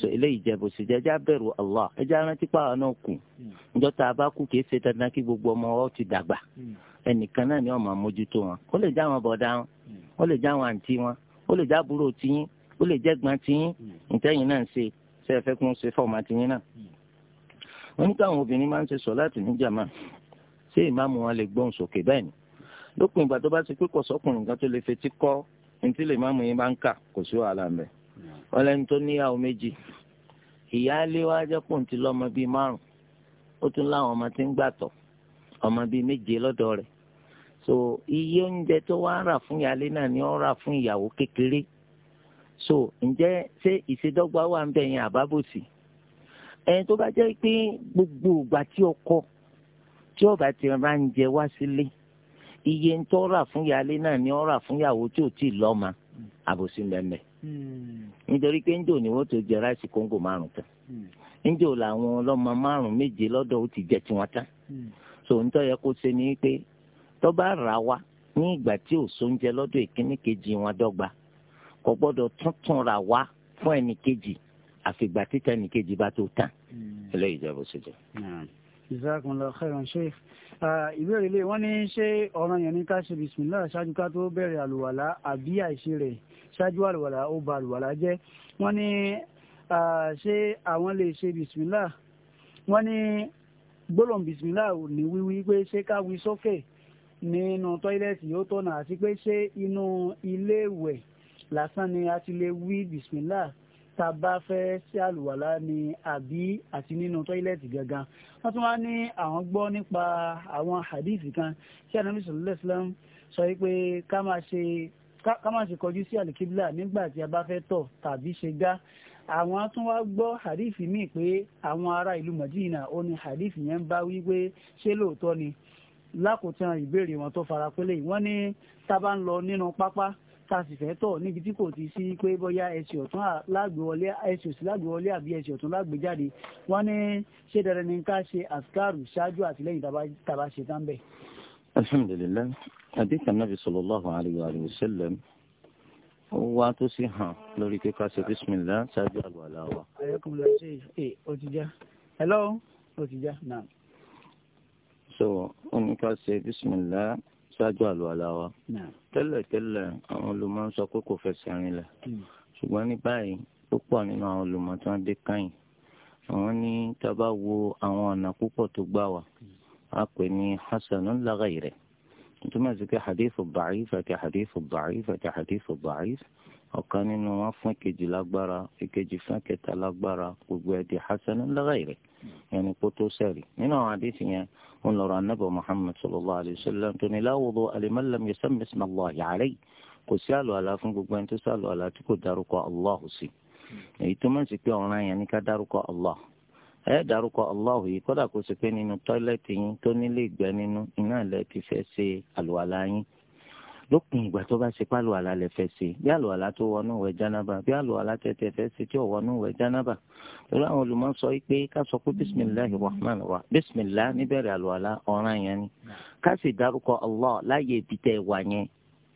so eléyìí jẹ́ bó ṣe jẹ́ ẹjá bẹ̀rù Allah ẹjá rántí pààrọ̀ náà kù níjọ́ tá a bá kú kì í ṣe dandan kí gbogbo ọmọ ọ ti dàgbà ẹnìkan náà ni ọmọ mójútó wọn ó lè já àwọn bọ̀dá wọn ó lè já àwọn àǹtí wọn ó lè já àbúrò tiyín ó lè jẹ́ gbọ́n tiyín ìtẹ́yìn hmm. náà ń ṣe ṣe é fẹ́ kún ṣe fọ́ọ̀mà tiyín náà. Hmm. wọ́n ní káwọn obìnrin máa ń ṣe sọ láti ní jàmá ṣé ìmáàmù wọn lè gbóhùn sókè bẹ́ẹ̀ ni lópin ìgbà tó bá ṣe pé kò sọ́kùnrin kan tó lè fetí kọ́ ní tí lè máàmù yín bá ń kà kò sí wàhálà ń bẹ̀. Hmm. wọ́n lẹ́ni tó níyàwó méjì ìyáálé wa jẹ́ pòǹtì lọ́mọ bíi márùn-ún ó tún láwọn ọmọ tí ń gbàtọ̀ ọmọ bíi méje lọ́dọ̀ rẹ̀ so iye oúnjẹ tó wá rà fún ìyáálé náà ni ó rà fún ìyàwó kékeré so ǹjẹ́ ṣé ìṣèdọ́gba wà ń bẹ̀ yẹn àbábòsí ẹni tó bá jẹ́ pé gbogbo ìgbà tí ọkọ tí ọba ti ra jẹ wá sílé iye ń tọ́ rà fún ìyáálé náà ni ó rà fún ìyàwó tí ò tí ì lọ́mọ àbòsí mẹ́mẹ́ nítorí pé ńjò ni wọ́n tó jẹ ráìsì kóńgò márùn tán hmm. ńjò làwọn ọlọ́mọ márùn méje lọ́dọ̀ ó ti jẹ tiwọn tán hmm. so ń tọ́ yẹ kó ṣe ni pé tó bá rà wá ní ìgbà tí ò sóúnjẹ lọ́dọ̀ ìkíní wọn dọ́gba kò gbọ́dọ̀ tuntun ra wa fún ẹnì kejì àfìgbà títà ẹnì kejì bá tó tàn eléyìí jẹ́ bó ṣe jẹ́. Jazakumullahu khairan Sheikh ìbéèrè lè wọ́n ní ṣé ọ̀ràn yẹn ní ká ṣe bisimilá ṣáájú ká tó bẹ̀rẹ̀ àlùwàlá àbí àìṣe rẹ̀ ṣáájú àlùwàlá ó ba àlùwàlá jẹ́ wọ́n ní ṣé àwọn lè ṣe bisimilá wọ́n ní gbólóhùn bisimilá ò ní wíwí pé ṣé ká wí sókè nínú tọ́ílẹ̀tì ó tọ̀nà àti pé ṣé inú ilé ìwẹ̀ lásán ni a ti lè wí bisimilá tá a bá fẹ́ sí àlùwàlá ni àbí àti nínú tọ́ílẹ̀tì gangan wọ́n tún wá ní àwọn gbọ́ nípa àwọn hadithi kan tí anabi sallallahu alaihi wasallam sọ wípé ká máa ṣe ká má ṣe kọjú sí àlìkíbílà nígbà tí a bá fẹ́ tọ̀ tàbí ṣe gá àwọn tún wá gbọ́ hadith míì pé àwọn ará ìlú Madina ó ní hadith yẹn ń bá wí ṣé lóòótọ́ ni lákòótán ìbéèrè wọn tó fara pélé wọ́n ní tá a ń lọ nínú pápá tàṣìfẹ́ tọ̀ níbi tí kò ti sí pé bóyá ẹsẹ̀ ọ̀tún lágbèwọlé ẹsẹ̀ òsì lágbèwọlé àbí ẹsẹ̀ ọ̀tún lágbèjáde wọ́n ní ṣé dandan ni ká ṣe àṣkárù ṣáájú àti tàbá ṣe tán bẹ́ẹ̀. alhamdulilayi adika nabi sallallahu alayhi wa sallam ó wá tó sì hàn lórí pé ká ṣe bísímìlá ṣáájú àlùwàlá wa. ayọkùnrin ṣe é ó ti já hello ó ti já náà. so ó ní ká ṣáájú àlùwàlá wa tẹ́lẹ̀tẹ́lẹ̀ àwọn olùmọ̀ sọ pé kò fẹsẹ̀ rinlẹ̀ hmm. ṣùgbọ́n ní báyìí púpọ̀ nínú àwọn olùmọ̀ tí wọ́n dé káyìn àwọn ní tábà wo àwọn ọ̀nà púpọ̀ tó gbà wá a pè ní hasanun lagayre nítorí wọn ti pé hadithu ba'if àti hadithu ba'if àti hadithu ba'if ọ̀kan nínú wọn fún ìkejì lágbára ìkejì fún ìkẹta lágbára gbogbo ẹ̀ di hasan lagayre yẹnni kó tó sẹ́rì nínú àwọn àdìsí yẹn wọn lọ́rọ̀ anábọ̀ muhammed sallallahu alayhi wa sallam tó ní láwùdó alimalam yasam bisimilah yaare kò sí àlọ́ àlá fún gbogbo ẹni tó sàlọ́ àlá tí kò dárúkọ allah sí èyí tó máa ń sì pé ọ̀ràn yẹn ní ká dárúkọ allah ẹ dárúkọ allah yìí kódà kó sì pé nínú tọ́ílẹ̀tì lópin ìgbà tó bá ṣe pálọ̀ àlá lẹ fẹ́ ṣe bí àlọ́ àlá tó wọnú ìwẹ̀ jánábà bí àlọ́ àlá tẹ̀tẹ̀ fẹ́ ṣe tí ò wọnú ìwẹ̀ jánábà lórí àwọn olùmọ̀ sọ pé ká sọ pé bisimilahi rahman wa bisimilah níbẹ̀rẹ̀ àlọ́ àlá ọ̀ràn yẹn ni ká sì dárúkọ allah láyé ibi tẹ́ wà yẹn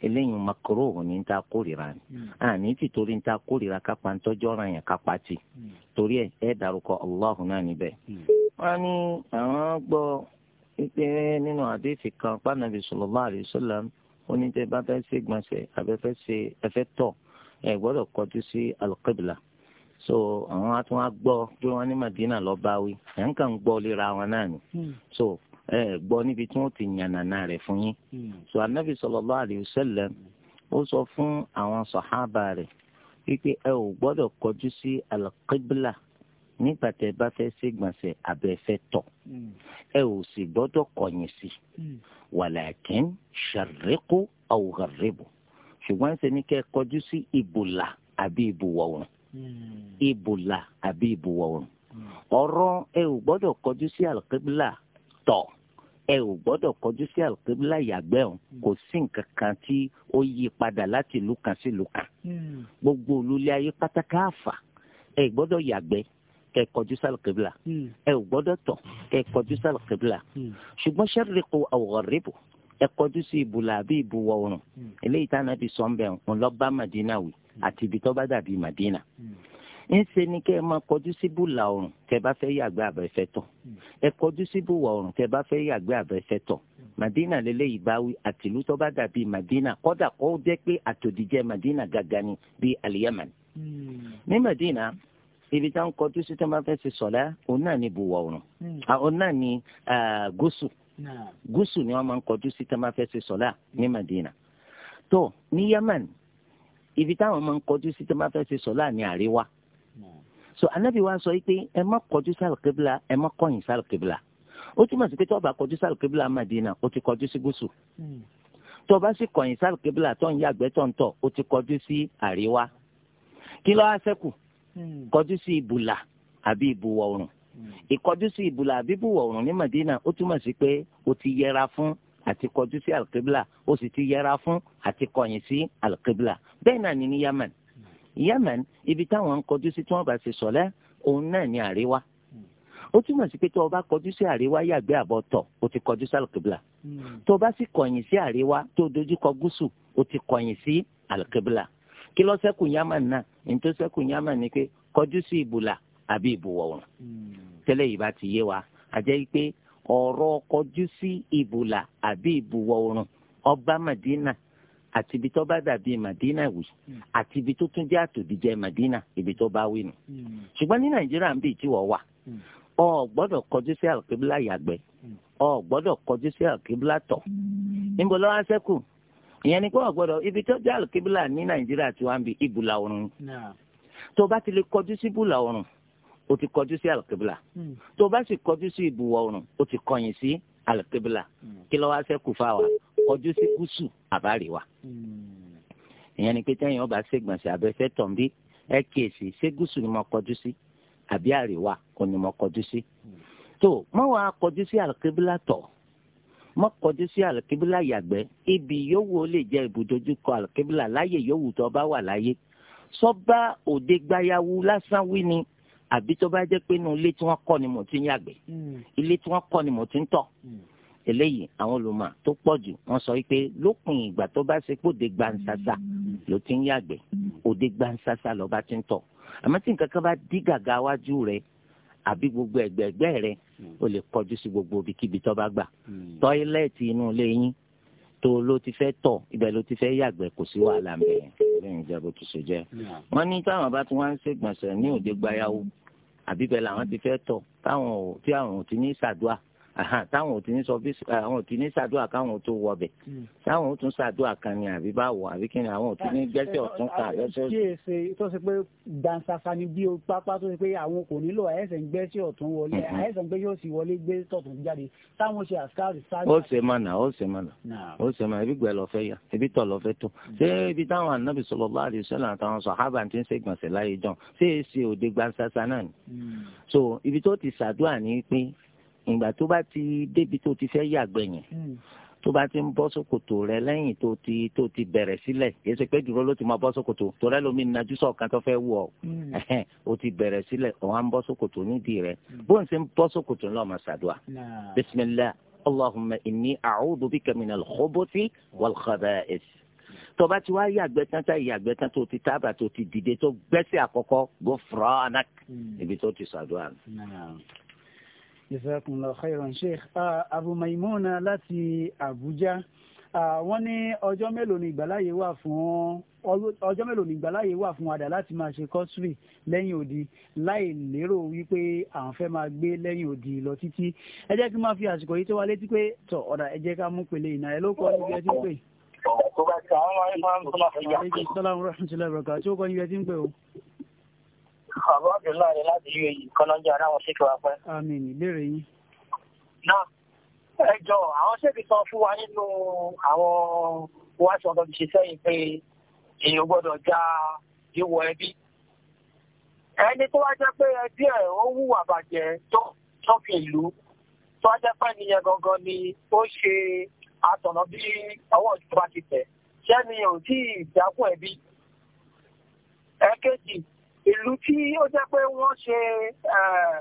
eléyìí makoro òun ní ta kórìíra ni hmm. àní ti torí ta kórìíra kápá ntọ́jú ọ̀ràn yẹn kápá ti hmm. torí ẹ dárúkọ allah náà níbẹ̀. Hmm. wọ́n ní àwọn gbọ́ pípẹ́ nínú àdéhìí kan pànàbí sallallahu alaihi wasallam oníjẹ bá fẹ́ ṣe gbọ̀nsẹ̀ àbẹ̀fẹ́ ṣe ẹ̀fẹ́ tọ̀ ẹ̀ gbọ́dọ̀ kọjú sí alqibla so àwọn á tún wá gbọ́ pé wọ́n ní Madina lọ bá wí ẹ̀ ń kàn gbọ́ lera wọn náà ni hmm. so ẹ̀ gbọ́ níbi tí wọ́n ti yànnàna rẹ̀ fún yín hmm. so anabi sallallahu alayhi wa sallam ó sọ fún àwọn sàhábà rẹ̀ wípé ẹ ò gbọ́dọ̀ kọjú sí alqibla nígbà tẹ bá fẹ́ ṣègbọ̀nsẹ̀ abẹ́ fẹ́ tọ̀ hmm. ẹ ò sì gbọ́dọ̀ kọ̀yìn sí wàlàkín ṣàrẹ́kù àwòrán-rẹ́bù ṣùgbọ́n ṣe ni kẹ́ kọjú sí ìbùlà àbí ìbùwọ̀ oòrùn hmm. ìbùlà àbí ìbùwọ̀ oòrùn hmm. ọ̀rọ̀ ẹ ò gbọ́dọ̀ kọjú sí àlùkébílà tọ̀ ẹ ò gbọ́dọ̀ kọjú sí àlùkébílà yàgbẹ́ ọ̀hún kò sí nǹkan kan tí ó yí padà láti ìlú sí ìlú gbogbo olúlé ayé pátákà ẹ gbọ́dọ̀ yàgbẹ́ kẹ kọjú sálì kìbìlà hmm. ẹ ò gbọ́dọ̀ tọ̀ kẹ kọjú sálì kìbìlà hmm. ṣùgbọ́n sẹ́ríkù àwòrán ẹ kọjú sí ibùlà àbí ìbùwọ̀ oòrùn hmm. eléyìí táwọn ẹbí sọ ń bẹ̀ ń lọ bá Madina wì àti ibi tó bá dàbí Madina ńṣe ni kẹ́ ẹ máa kọjú sí bùlà oòrùn tẹ́ bá fẹ́ yàgbẹ́ àbẹ̀fẹ́ tọ̀ ẹ kọjú sí bùwọ̀ oòrùn tẹ́ bá fẹ́ yàgbẹ́ àbẹ̀fẹ́ tọ̀ Madina lélẹ́yìí báwí àtìlú tó bá dàbí Madina kọ́dà kó jẹ́ pé àtòdìjẹ́ Madina gàgà ni bíi al ní Madina ibi tá ń kọjú sí tó máa fẹ́ ṣe sọ̀lá òun náà ni ìbùwọ̀ oòrùn hmm. ah, òun náà ní gúúsù gúúsù ni wọ́n máa ń kọjú sí tó máa fẹ́ ṣe sọ̀lá ní Madina tó ní Yemen ibi táwọn máa ń kọjú sí tó máa fẹ́ ṣe sọ̀lá ní àríwá so anabi wa sọ pé ẹ má kọjú sí alùkébìlà ẹ má kọ̀yìn sí alùkébìlà ó túmọ̀ sí pé tó bá kọjú sí alùkébìlà Madina ó ti kọjú sí gúúsù hmm. tó bá sì kọ̀yìn sí alùkébìlà tó ń yàgbẹ́ tó ń tọ̀ ó ti kọjú sí àríwá kí ló wá ṣẹ́kù kọjú sí ibùlà àbí ibùwọ̀ oòrùn ìkọjú sí ibùlà àbí ibùwọ̀ ní Madina ó túmọ̀ sí pé o ti yẹra fún àti kọjú sí alqibla o sì ti yẹra fún àti kọ̀yìn sí alqibla bẹ́ẹ̀ náà ni ní Yemen Yemen ibi táwọn ń kọjú sí tí wọ́n bá ṣe sọ̀lẹ́ òun náà ni àríwá ó túmọ̀ sí pé tó o bá kọjú sí àríwá yàgbé àbọ̀ o ti kọjú sí alqibla hmm. tó o bá sì kọ̀yìn sí àríwá tó o dojú kọ gúúsù o ti kọ̀yìn sí alqibla. Mm kí ló ṣẹ́kù Yemen náà ní tó ṣẹ́kù Yemen ni pé kọjú sí ìbùlà àbí ìbùwọ̀ ọ̀run hmm. tẹ́lẹ̀ yìí bá ti yé wa àjẹ́ pé ọ̀rọ̀ kọjú sí ìbùlà àbí ìbùwọ̀ ọ̀run ọba Madina àti ibi tó bá dàbí Madina wì hmm. àti ibi tó tún jẹ́ àtòdìjẹ Madina ibi tó bá wì hmm. ṣùgbọ́n ní Nàìjíríà ń bì tí wọ́n wà ọ gbọ́dọ̀ kọjú sí àlùkíbílà yàgbẹ́ ọ gbọ́dọ̀ kọjú sí àlùkíbílà tọ̀ níbo lọ́wọ́ á ìyẹn ni kó ọ̀gbọ́dọ̀ ibi tó jẹ́ àlùkíbílà ní nàìjíríà tí wọ́n ń bi ibùlà oòrùn tó bá ti lè kọjú sí ibùlà oòrùn o ti kọjú sí àlùkíbílà hmm. tó bá sì kọjú sí ibùwọ̀ oòrùn o ti kọyìn sí àlùkíbílà hmm. kí ló wá ṣẹ́kù fáwa kọjú sí gúúsù àbáríwá hmm. ìyẹn ni pé tẹ́yìn ọba ṣègbọ̀nsẹ̀ abẹ́fẹ́ tọ̀m̀bí ẹ kíyèsí ṣé gúúsù ni mo kọjú sí àbí àríwá kò ni mo kọjú sí tó mọ́ wàá kọjú sí àlùkíbílà mọ́kọjú sí alùkébílà yàgbẹ́ ibi yòówù ó lè jẹ́ ibùdójúkọ alùkébílà láyè yòówù tó bá wà láyé sọ́ba òde gbayawu lásán wí ni àbí tó bá jẹ́ pé inú ilé tí wọ́n kọ́ ni mo ti ń yàgbẹ́ hmm. ilé tí wọ́n kọ́ ni mo ti ń tọ̀ hmm. eléyìí àwọn olùmọ̀ tó pọ̀ jù wọ́n sọ pé lópin ìgbà tó bá ṣe pé òde gbansasa ló ti ń yàgbẹ́ hmm. òde gbansasa lọ́ba ti ń tọ̀ àmọ́ tí nǹkan kan bá dí gàgà wájú rẹ̀ àbí gbogbo ẹ̀gbẹ̀gbẹ́ rẹ o lè kọjú sí gbogbo ibikíbi tó bá gbà hmm. tọ́ílẹ̀tì inú ilé yín tó ló ti fẹ́ tọ̀ ibẹ̀ ló ti fẹ́ yàgbẹ́ kò sí wàhálà ń bẹ̀ lẹ́yìn ìjà bó ti ṣe jẹ́. wọ́n ní táwọn bá ti wá ń ṣègbọ̀nsẹ̀ ní òde gbayàwó àbí bẹ́ẹ̀ làwọn ti fẹ́ tọ̀ tí àwọn ò ti ní ṣàdúà táwọn ò ti ní sọ bí eh, àwọn ò ti ní ṣàdúrà káwọn tó wọbẹ̀ hmm. táwọn ò tún ṣàdúrà kan ni àbí báwo àbí kí ni àwọn ò ti ní ah, gbẹ́sẹ̀ ọ̀tún ah, ká lọ́sọ̀. kí èsè tó ṣe pé dansasa ni bí pápá tó ṣe pé àwọn kò nílò àyẹ̀sẹ̀ ń gbẹ́sẹ̀ ọ̀tún wọlé hmm, hmm. àyẹ̀sẹ̀ ń gbẹ́sẹ̀ òsì wọlé gbé tọ̀tún jáde táwọn ṣe àṣkárì sáré. ó ṣe mọ̀nà ó ṣe mọ̀nà ó ṣe mọ̀nà ibi gbẹ lọ́fẹ́ yá ibi tọ̀ lọ́fẹ́ tó ṣé ibi táwọn anábì sallallahu alaihi wasallam àtàwọn sàhábà ti ń ṣe ìgbọ̀nsẹ̀ láyé jọ ṣé èsì òde gbansasa náà ni. so ibi tó ti ṣàdúrà ní pín ìgbà tó bá ti débi tó ti fẹ́ yàgbẹ́ yẹn hmm. tó bá ti ń bọ́ sókòtò rẹ lẹ́yìn tó ti tó ti bẹ̀rẹ̀ sílẹ̀ kì í ṣe pé dúró ló ti máa bọ́ sókòtò torí ẹlòmíì najú sọ̀kan tó fẹ́ wù ọ́ o ti bẹ̀rẹ̀ sílẹ̀ ọ̀hún à ń bọ́ sókòtò nídìí rẹ hmm. bó ń ṣe ń bọ́ sókòtò ńlá ọmọ ṣàdùà bisimilah allahumma inni a'udhu bika minal khubuthi wal khaba'is tó bá ti wá yàgbẹ́ tán tá yàgbẹ́ tán tó ti tábà tó ti dìde tó gbẹ́sẹ̀ àkọ́kọ́ gbọ́ fúra anak hmm. ibi tó ti ṣàdùà. Jazakumullahu khairan Sheikh Abu Maimuna láti Abuja wọ́n ní ọjọ́ mélòó ni ìgbàláyé wà fún ọjọ́ mélòó ni ìgbàláyé wà fún adà láti máa ṣe kọ́sùrì lẹ́yìn odi láì lérò wípé àwọn fẹ́ máa gbé lẹ́yìn odi lọ títí ẹ jẹ́ kí n máa fi àsìkò yìí tó wá létí pé tọ̀ ọ̀dà ẹ jẹ́ ká mú pèlè ìnà ẹ ló kọ́ níbi ẹ ti ń pè. tó bá ti àwọn ọmọ ẹgbẹ́ máa ń tó máa fi yà. àlejò sọlá ń rọ̀ ṣùgbọ́n ìrọ̀kà tí ó kọ́ níbi ẹ ti ń pè o. Bàbá àwọn ṣèkì sọ fún wa nínú àwọn wáṣọ ọ̀dọ̀ ti ṣe sẹ́yìn pé èèyàn gbọ́dọ̀ já ìwọ ẹbí. Ẹni tó wá jẹ́ pé ẹbí ẹ̀ ó hùwà bàjẹ́ tó tọ́kì ìlú tó wá jẹ́ pé ẹnìyẹn gangan ni ó ṣe àtọ̀nà bí ọwọ́ ìjọba ti tẹ̀. Ṣẹ́ni ò tí ì dákún ẹbí. Ẹ̀kejì ìlú tí ó jẹ́ pé wọ́n ṣe eh,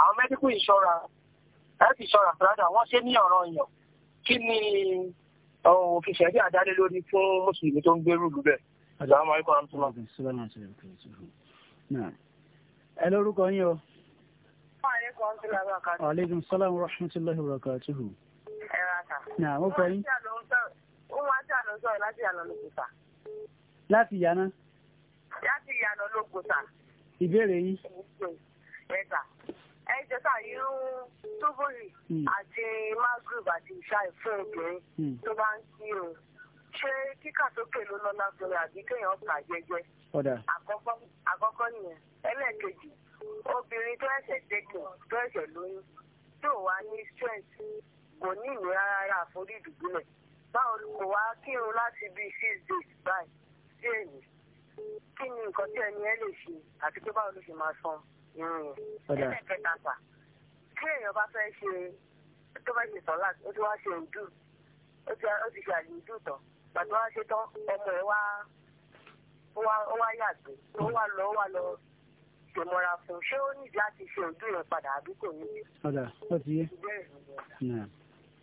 àwọn medical insurance health insurance rather wọ́n ṣe ní ọ̀ràn yàn kí ni òfin ṣẹ̀dí àdáni lórí fún mùsùlùmí tó ń gbé rúlu bẹ́ẹ̀. Assalamu alaikum warahmatullahi. ẹ lórúkọ yín o. aleykum salaam wa rahmatullahi wa barakatuhu. ẹ ra ta. náà mo kọ yín. ó máa ń ṣàlùsọ̀rọ̀ láti yànnà lókùtà. láti yànnà láti ìyànà ológun sà. ìbéèrè yín. ẹ sà ẹ jẹ sà irun túbúrì hmm. àti magrib àti ìṣáì fún obìnrin hmm. tó bá ń kí o ṣé kíkà sókè ló lọ lágbóyè àbí kéèyàn kà jẹ́jẹ́. àkọ́kọ́ àkọ́kọ́ nìyẹn ẹlẹ́ẹ̀kejì obìnrin tó ẹ̀ṣẹ̀ tẹ̀kẹ̀ tó ẹ̀ṣẹ̀ lóyún tó wà ní strength kò ní ìlera rárá àforí ìdùbúlẹ̀ báwo kò wá kírun láti bíi six days báyìí sí èyí kí ni nǹkan tí ẹni ẹ lè ṣe àti pé báwo ló ṣe máa san irun yẹn ẹlẹ́kẹta sà tí èèyàn bá fẹ́ ṣe tó bá ṣe sọ́lá ó ti wá ṣe ìdú ó ti ṣe àlè ìdú tán pàtó wá ṣe tán ọmọ ẹ wá ó wá yàgbé ó wá lọ ó wá lọ ṣèmọ́ra fún ṣé ó nídìí láti ṣe ìdú yẹn padà àbí kò ní. ọ̀dà ó ti yé.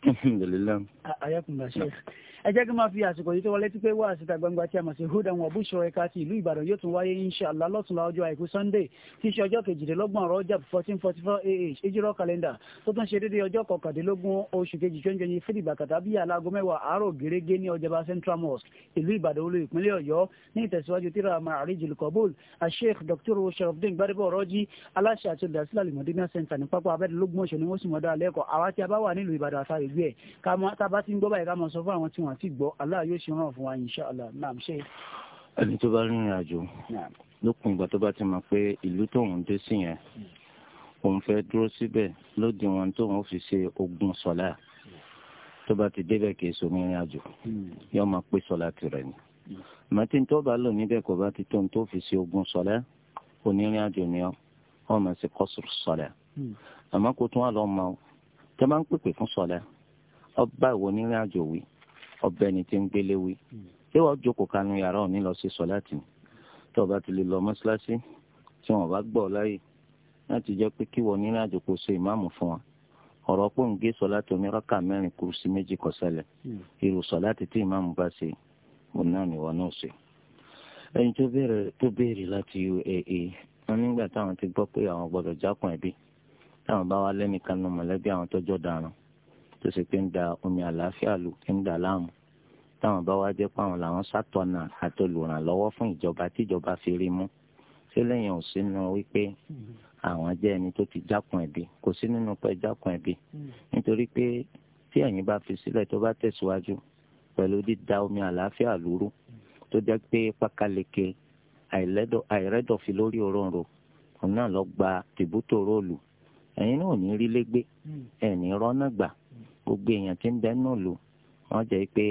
alhamdulilayi. ayakunba sheikh ẹ jẹ́ kí n máa fi àsìkò yìí tó wọlé tí pé wá àsìta gbangba tí a mọ̀ sí hudan wa bushra ẹ̀ka ti ìlú ìbàdàn yóò tún wáyé inshallah lọ́tùnla ọjọ́ àìkú sunday tí í ṣe ọjọ́ kejìdínlọ́gbọ̀n rọ́jà fourteen forty four ah ejirọ́ kàlẹ́ndà tó tún ṣe déédéé ọjọ́ kọkàndínlógún oṣù kejì twenty twenty three bàkàtà bíi alago mẹ́wàá àárọ̀ gẹ́gẹ́ ní ọjọba central mosque ìlú ìbàdàn olú ìpínlẹ̀ ọ̀yọ́ ní ìtẹ̀síwájú tíra maarijil kobol asheikh dr sharafdin gbadebo ọrọ́jì aláṣẹ àti olùdásílẹ̀ alimọ̀dínà center ní pápá abẹ́rẹ́lógún ọ̀ṣọ́ ni wọ́n sì mọ̀ dá lẹ́kọ̀ọ́ àwa tí a bá wà nílùú ìbàdàn wọn àti gbọ́ aláà yóò ṣe ràn fún wa insha Allah naam ṣe. ẹni tó bá rìnrìn àjò lókun ìgbà tó bá ti mọ̀ pé ìlú tóun dé sí yẹn òun fẹ́ dúró síbẹ̀ lóde wọn tóun fi ṣe ogún sọ̀lá tó bá ti débẹ̀ kì í so rìnrìn àjò hmm. yóò máa pé sọ̀lá tirẹ̀ ni màtí hmm. tó bá lò níbẹ̀ kò bá ti tóun tó fi ṣe ogún sọ̀lá onírìn àjò ni wọn máa ṣe kọ́sùrù sọ̀lá hmm. àmọ́ kó tún wà lọ́ọ́ máa bá ń pèpè fún sọ̀lá ọba ìwọ onírìn àjò wí ọbẹ̀ ni ti ń gbélé wí ṣé wàá jókòó kanu yàrá òní lọ sí sọ láti ní tó o bá ti lè lọ mọ́ṣáláṣí tí wọ́n bá gbọ́ láyè láti jẹ́ pé kí wọ́n nílẹ̀ àjòkò ṣe ìmáàmù fún wa ọ̀rọ̀ pò ń gé sọlá tó ní rákà mẹ́rin kúrú sí méjì kò ṣẹlẹ̀ irú sọlá ti tí ìmáàmù bá ṣe òun náà ni wọn náà ṣe. ẹni tó béèrè tó béèrè láti UAE wọn nígbà táwọn ti gbọ́ pé àwọn gbọ́dọ̀ jákùn ẹ̀bí táwọn bá wá lẹ́nìkan tó ṣe pé ń da omi àlàáfíà lù ń da láàmú táwọn bá wá jẹ́ pàwọn làwọn sátọ̀nà àtolùrànlọ́wọ́ fún ìjọba tíjọba fi rí mú ṣé lẹ́yìn ò sínú wípé àwọn jẹ́ ẹni tó ti jákun ẹ̀bí kò sí nínú pé jákun ẹ̀bí nítorí pé tí ẹ̀yin bá fi sílẹ̀ tó bá tẹ̀síwájú pẹ̀lú dídá omi àlàáfíà lúrú tó jẹ́ pé pákáleke àìrẹ́dọ̀fi lórí òróǹro òun náà lọ gba tìbútò róòlù ẹ̀yin náà ò ní rí lé ẹ̀ ní rọ́nà gbà gbogbo èèyàn tí ń bẹ nù lò wọ́n jẹ́ pé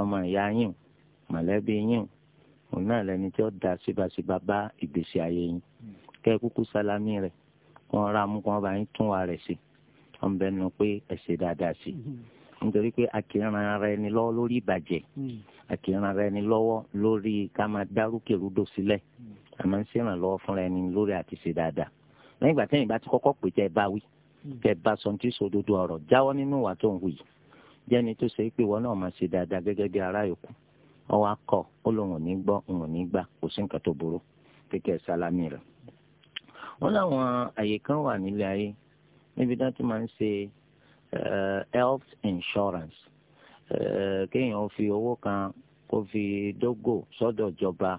ọmọ ìyá yín mọ̀lẹ́bí yín òun náà lẹni tí ó da síbáṣíbá bá ìgbésí ayé yín kẹ́ kúkú sálámì rẹ̀ wọ́n rà mú kí wọ́n bá yín tún wa rẹ̀ sí wọ́n bẹ nù pé ẹ̀sẹ̀ dáadáa sí nítorí pé a kì í ran ara ẹni lọ́wọ́ lórí ìbàjẹ́ a kì í ran ara ẹni lọ́wọ́ lórí ká máa dárúkèrúdò sílẹ̀ àmọ́ ń ṣèrànlọ́wọ́ fúnra ẹni lórí àti ṣe dáadáa lẹ́yìn ìgbà tẹ́yìn bá ti kọ́kọ́ pè jẹ́ báwí kẹ bá sọ tí sòdodo ọ̀rọ̀ jáwọ́ nínú ìwà tó ń wù yìí jẹ́ni tó ṣe pé wọn náà máa ṣe dáadáa gẹ́gẹ́ bí ará yòókù ọwọ akọ ó lóun ò ní gbọ́ òun ò ní gbà kò sí nǹkan tó burú kékeré sálámì rẹ̀. wọn láwọn àyè kan wà nílé ayé níbi dá tó máa ń ṣe eh, health insurance eh, kéèyàn fi owó kan kó fi dógò sọ́dọ̀ ìjọba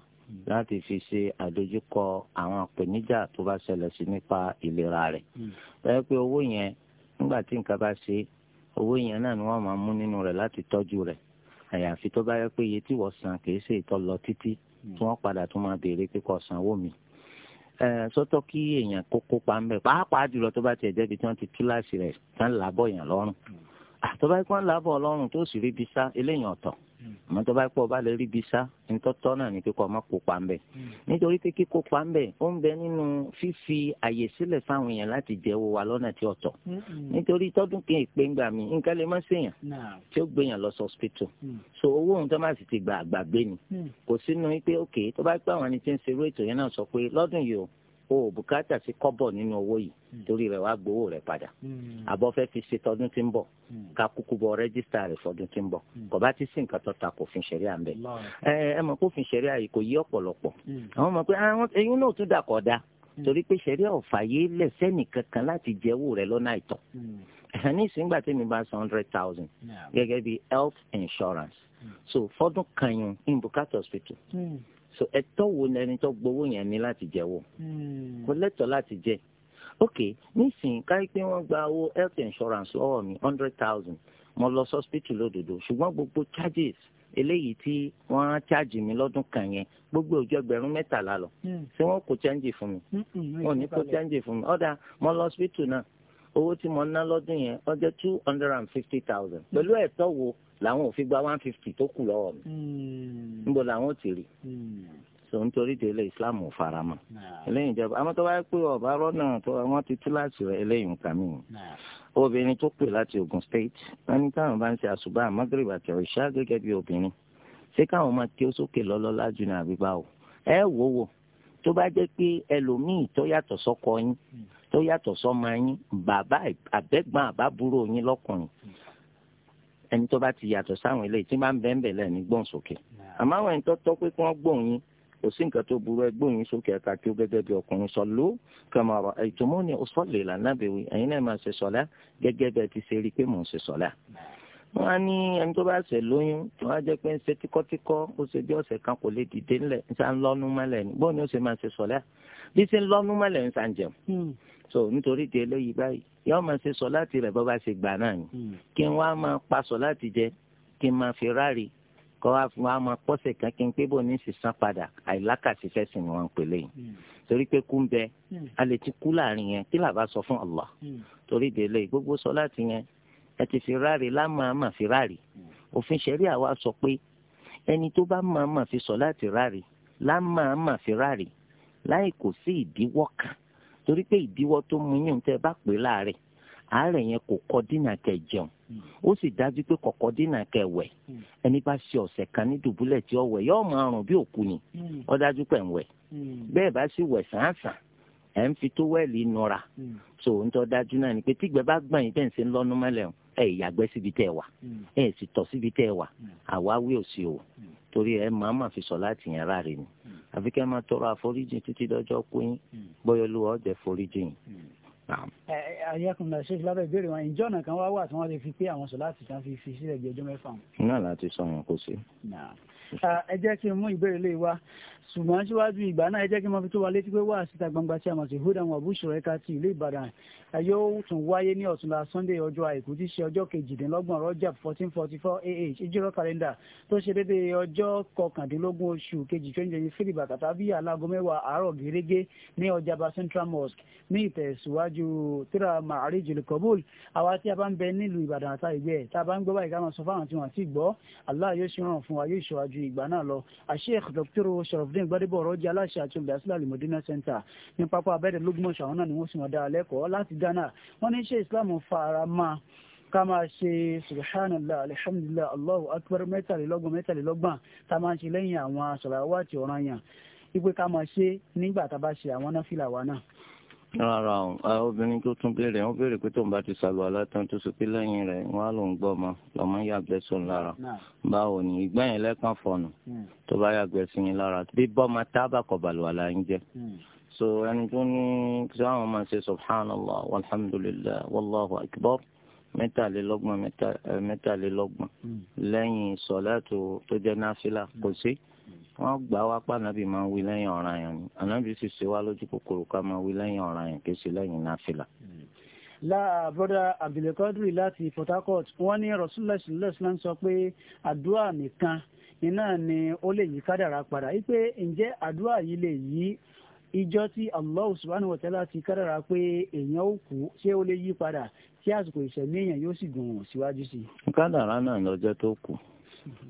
láti fi ṣe àdójúkọ àwọn àpèníjà tó bá ṣẹlẹ̀ sí nípa ìlera rẹ̀ bẹ́ẹ̀ hmm. pé owó yẹn nígbà tí nǹkan bá ṣe owó yẹn náà ni wọ́n máa mú nínú rẹ̀ láti tọ́jú rẹ̀ àyàfi tó bá yẹ pé iye tí wọ́n san kì í ṣe ìtọ́ lọ títí hmm. tí wọ́n padà tún máa béèrè pé kò sanwó mi sọ́tọ̀ kí èèyàn kó kópa ń bẹ pàápàá jùlọ tó bá tiẹ̀ jẹ́bi tí wọ́n ti túláàsì rẹ̀ tán làbọ̀ èèyàn lọ́rùn hmm. àtọ́bá ikú wọn làbọ̀ lọ́rùn tó sì rí bisá eléyàn ọ̀tọ̀ àmọ́ tó bá pọ̀ bá lè rí ibi sá nítọ́tọ́ náà ní kíkọ́ ọmọ kópa ń bẹ̀. nítorí pé kíkópa ń bẹ̀ ó ń bẹ nínú fífi àyè sílẹ̀ fáwọn èèyàn láti jẹ́wọ́ wa lọ́nà tí ọ̀tọ̀. nítorí tọ́dún kí n ń gbà mí nǹkan lè má ṣèyàn tí ó gbèyàn lọ sí hospital. Mm. so owó ohun tó bá sì ti gbà àgbàgbé ni. Mm. kò sínú pé òkè tó bá pẹ́ àwọn ẹni tí ń ṣerú ètò yẹn náà sọ pé lọ́dún yìí o o bukata bùkátà sí kọ́bọ̀ nínú owó yìí hmm. torí rẹ̀ wá gbowó rẹ̀ padà hmm. àbọ̀ fẹ́ fi ṣe tọdún tí ń bọ̀ hmm. ká kúkú bọ rẹ́gísítà rẹ̀ fọdún tí ń bọ̀ kò bá ti sí nǹkan tó ta kò fin ṣẹ̀ríà ń bẹ̀ ẹ mọ̀ kó fin ṣẹ̀ríà yìí kò yí ọ̀pọ̀lọpọ̀ àwọn mọ̀ pé ẹ̀yin ah, náà tún dà kọ́ da torí pé ṣẹ̀ríà ò fàyè lẹ̀ sẹ́nì kankan láti jẹ́wọ́ rẹ̀ lọ́nà àìtọ́ ní ìsìngbà tí mi bá san hundred thousand gẹ́gẹ́ bí health insurance so fọdún kan yun in bukata hospital so ẹ̀tọ́ wo ni ẹni tó gbowó yẹn ní láti jẹ́wọ́ kò hmm. lẹ́tọ̀ọ́ láti jẹ́ ok nísìnyí káyí pé wọ́n gba owó health insurance lọ́wọ́ mi hundred thousand mo lọ sọ́spítù lódodo ṣùgbọ́n gbogbo charges eléyìí tí wọ́n á charge mi lọ́dún kan yẹn gbogbo òjò ẹgbẹ̀rún mẹ́tàlá lọ hmm. ṣé wọ́n kò change fún mi hmm, wọ́n ní kò change fún mi ọ̀dà mo lọ sọ́spítù náà owó tí mo ná lọ́dún yẹn ó jẹ́ two hundred and fifty thousand pẹ̀lú ẹ̀tọ́ wo làwọn ò fi gba one fifty tó kù lọ́wọ́ mi hmm. níbo làwọn ò ti rí hmm. so nítorí délé islam ò fara mọ́ eléyìí jẹ́ àmọ́ tó bá yẹ pé ọ̀bá rọ́nà tó wọ́n ti tú láti rẹ̀ eléyìí nǹkan mi obìnrin tó pè láti Ogun State wọ́n ní táwọn bá ń ṣe àṣùbà Maghrib àti ìṣá gẹ́gẹ́ bí obìnrin ṣé káwọn máa ké sókè lọ́lọ́lá jù ní àbí báwo ẹ wò wò tó bá jẹ́ pé ẹlòmíì tó yàtọ̀ sọ́kọ yín tó yàtọ̀ sọ́mọ yín bàbá àbẹ́gbọ́n àbábúrò yín lọ́kùnrin ẹni tó bá ti yàtọ̀ sáwọn eléyìí tí máa ń bẹ́ẹ̀ bẹ́ẹ̀ lẹ́ni gbọ́n sókè àmọ́ àwọn ẹni tó tọ́ pé kí wọ́n gbọ́n yín kò sí nǹkan tó burú ẹ yín sókè ẹ̀ka kí ó gẹ́gẹ́ bí ọkùnrin sallu kama ra'aytumuni usalli lànà bẹ̀wì ẹ̀yin náà máa ṣe sọ̀lá gẹ́gẹ́ bẹ́ẹ̀ ti ṣe rí pé mò ń ṣe sọ̀lá wọ́n á ní ẹni tó bá ṣẹ̀ lóyún wọ́n á jẹ́ pé ń ṣe tíkọ́tíkọ́ ó ṣe bí ọ̀sẹ̀ kan kò lè dìde ńlẹ̀ ń sá ń lọ́nú mọ́lẹ̀ ni bóun ni ó ṣe máa ṣe sọ̀lá bí ṣe ń lọ́nú mọ́lẹ̀ ń sá ń jẹun hmm. so nítorí di eléyìí báyìí yóò máa ṣe sọ̀lá ti rẹ̀ bọ́ bá ṣe gbà náà ni hmm. kí n wá máa pa sọ̀lá ti jẹ kí n máa fi ráàrí kọ́ wá fún wa máa pọ́sẹ̀ kan kí n pé bò ní sísan padà àìlákàtí fẹ́sìn ni wọ́n pèlè yìí hmm. torí pé kú ń bẹ a ti kú láàrin yẹn kí làbá sọ fún Allah torí di eléyìí gbogbo sọ̀lá ti yẹn ẹ ti fi ráre lámàmà fi ráre òfin ṣẹ̀ríà wa sọ pé ẹni tó bá màmá fi sọ láti ráre lámàmà fi ráre láì kò sí ìdíwọ́ kan torí pé ìdíwọ́ tó mú yín tẹ́ bá pè láàrẹ̀ àárẹ̀ yẹn kò kọ́ dínà kẹ́ jẹun hmm. ó sì dájú pé kọ̀kọ́ dínà kẹ́ wẹ̀ hmm. ẹni bá ṣe ọ̀sẹ̀ kan ní dùbúlẹ̀ tí ó wẹ̀ yóò máa rùn bí òkú ni hmm. ó dájú pé ń wẹ̀ bẹ́ẹ̀ bá sì wẹ̀ sàǹsàn ẹ̀ ń fi tó wẹ́ẹ̀lì nura tó dájú náà ni pé tígbẹ́ bá gbọ̀n yín bẹ́ẹ̀ ń ṣe lọ́nu mọ́lẹ̀ o ẹ yàgbẹ́ síbi tẹ́ ẹ wà hmm. ẹ sì tọ̀ síbi tẹ́ ẹ wà hmm. àwáwí ò sí o hmm. torí ẹ máa máa fi sọ láti yàn ráre ni àfi kẹ́ ẹ máa tọrọ àforíjì títí dọ́jọ́ kú yín bóyá olúwa ọ̀jẹ̀ foríjì yín. ayẹkùnlá ṣéṣe lábẹ́ ìbéèrè wọn ìjọ náà kan wá wà tí wọ́n lè fi pé àwọn sọ láti kan fi fi sílẹ̀ di ọjọ́ mẹ́fà. náà láti sọ wọn kó sí. ẹ jẹ́ kí n mú ìbéèrè lè wá ṣùgbọ́n síwájú ìgbà náà ẹ jẹ́ kí n máa fi tó wa létí pé wà á síta gbangba tí a mọ̀ sí hudan wabushr ẹ̀ka ti ìlú ìbàdàn yóò tún wáyé ní ọ̀túnla sunday ọjọ́ àìkú tí ṣe ọjọ́ kejìdínlọ́gbọ̀n rọ́jà fourteen forty four ah ìjírọ̀ kàlẹ́ndà tó ṣe déédéé ọjọ́ kọkàndínlógún oṣù kejì twenty twenty three bàkàtà bíi alágo mẹ́wàá àárọ̀ gẹ́gẹ́ ní ọjàba central mosque ní ìtẹ̀síwájú tíra ma'arijil kabul àwa tí a bá ń bẹ nílùú ìbàdàn àtàgbẹ́ tá a bá ń gbọ́ báyìí allah yóò ṣe ràn fún wa yóò ṣèwájú ìgbà náà lọ àṣeyẹ Nurudeen Gbadebo ọ̀rọ̀ jẹ́ aláṣẹ àti olùdásílẹ̀ alimọ̀dínà center ní pápá abẹ́rẹ́ lógúnmọ̀ṣọ́ àwọn náà ni wọ́n sì wọ́n dá lẹ́kọ̀ọ́ láti Ghana wọ́n ní ṣe Islam fara máa ká máa ṣe subhanallah alhamdulillah allahu akbar mẹ́tàlélọ́gbọ̀n mẹ́tàlélọ́gbọ̀n tá máa ṣe lẹ́yìn àwọn sàlàwátì ọ̀ranyàn ipe ká máa ṣe nígbà tá a bá ṣe àwọn náfìlà wa náà rárá o obìnrin tó tún béèrè wọn béèrè pé tóun bá ti sàlù alátàn tó sọ pé lẹ́yìn rẹ̀ wọn á lòún gbọ́ ọmọ lọ́mọ yàgbẹ́ sóun lára báwo ni ìgbà yẹn lẹ́kàn fọ̀nù hmm. tó bá yàgbẹ́ sí yín lára bí bọ́mọ tábà kọ̀ bàlùwà là ń jẹ́ hmm. so ẹni tó ní kí àwọn máa ṣe subhanallah walhamdulillah wallahu akbar mẹ́tàlélọ́gbọ̀n mẹ́tàlélọ́gbọ̀n hmm. lẹ́yìn sọ̀lá tó jẹ́ náfìlà kò sí wọ́n gbà wá pa ànábì máa wí lẹ́yìn ọ̀ràn yẹn ni ànábì sì ṣe wá lójú kòkòrò ká máa wí lẹ́yìn ọ̀ràn yẹn kì í ṣe lẹ́yìn náfìlà. láà broda abdulkadri láti Port Harcourt wọ́n ní rasulillah sallallahu sọ pé àdúrà nìkan iná ni ó lè yí kádàrá padà wípé ǹjẹ́ àdúrà yìí lè yí ìjọ tí allah subhanahu wa ta'ala ti kádàrá pé èèyàn ó kú ṣé ó lè yí padà tí àsìkò ìṣẹ̀mí èèyàn yóò sì gùn síwájú sí i. kádàrá náà lọ́jọ́ tó kù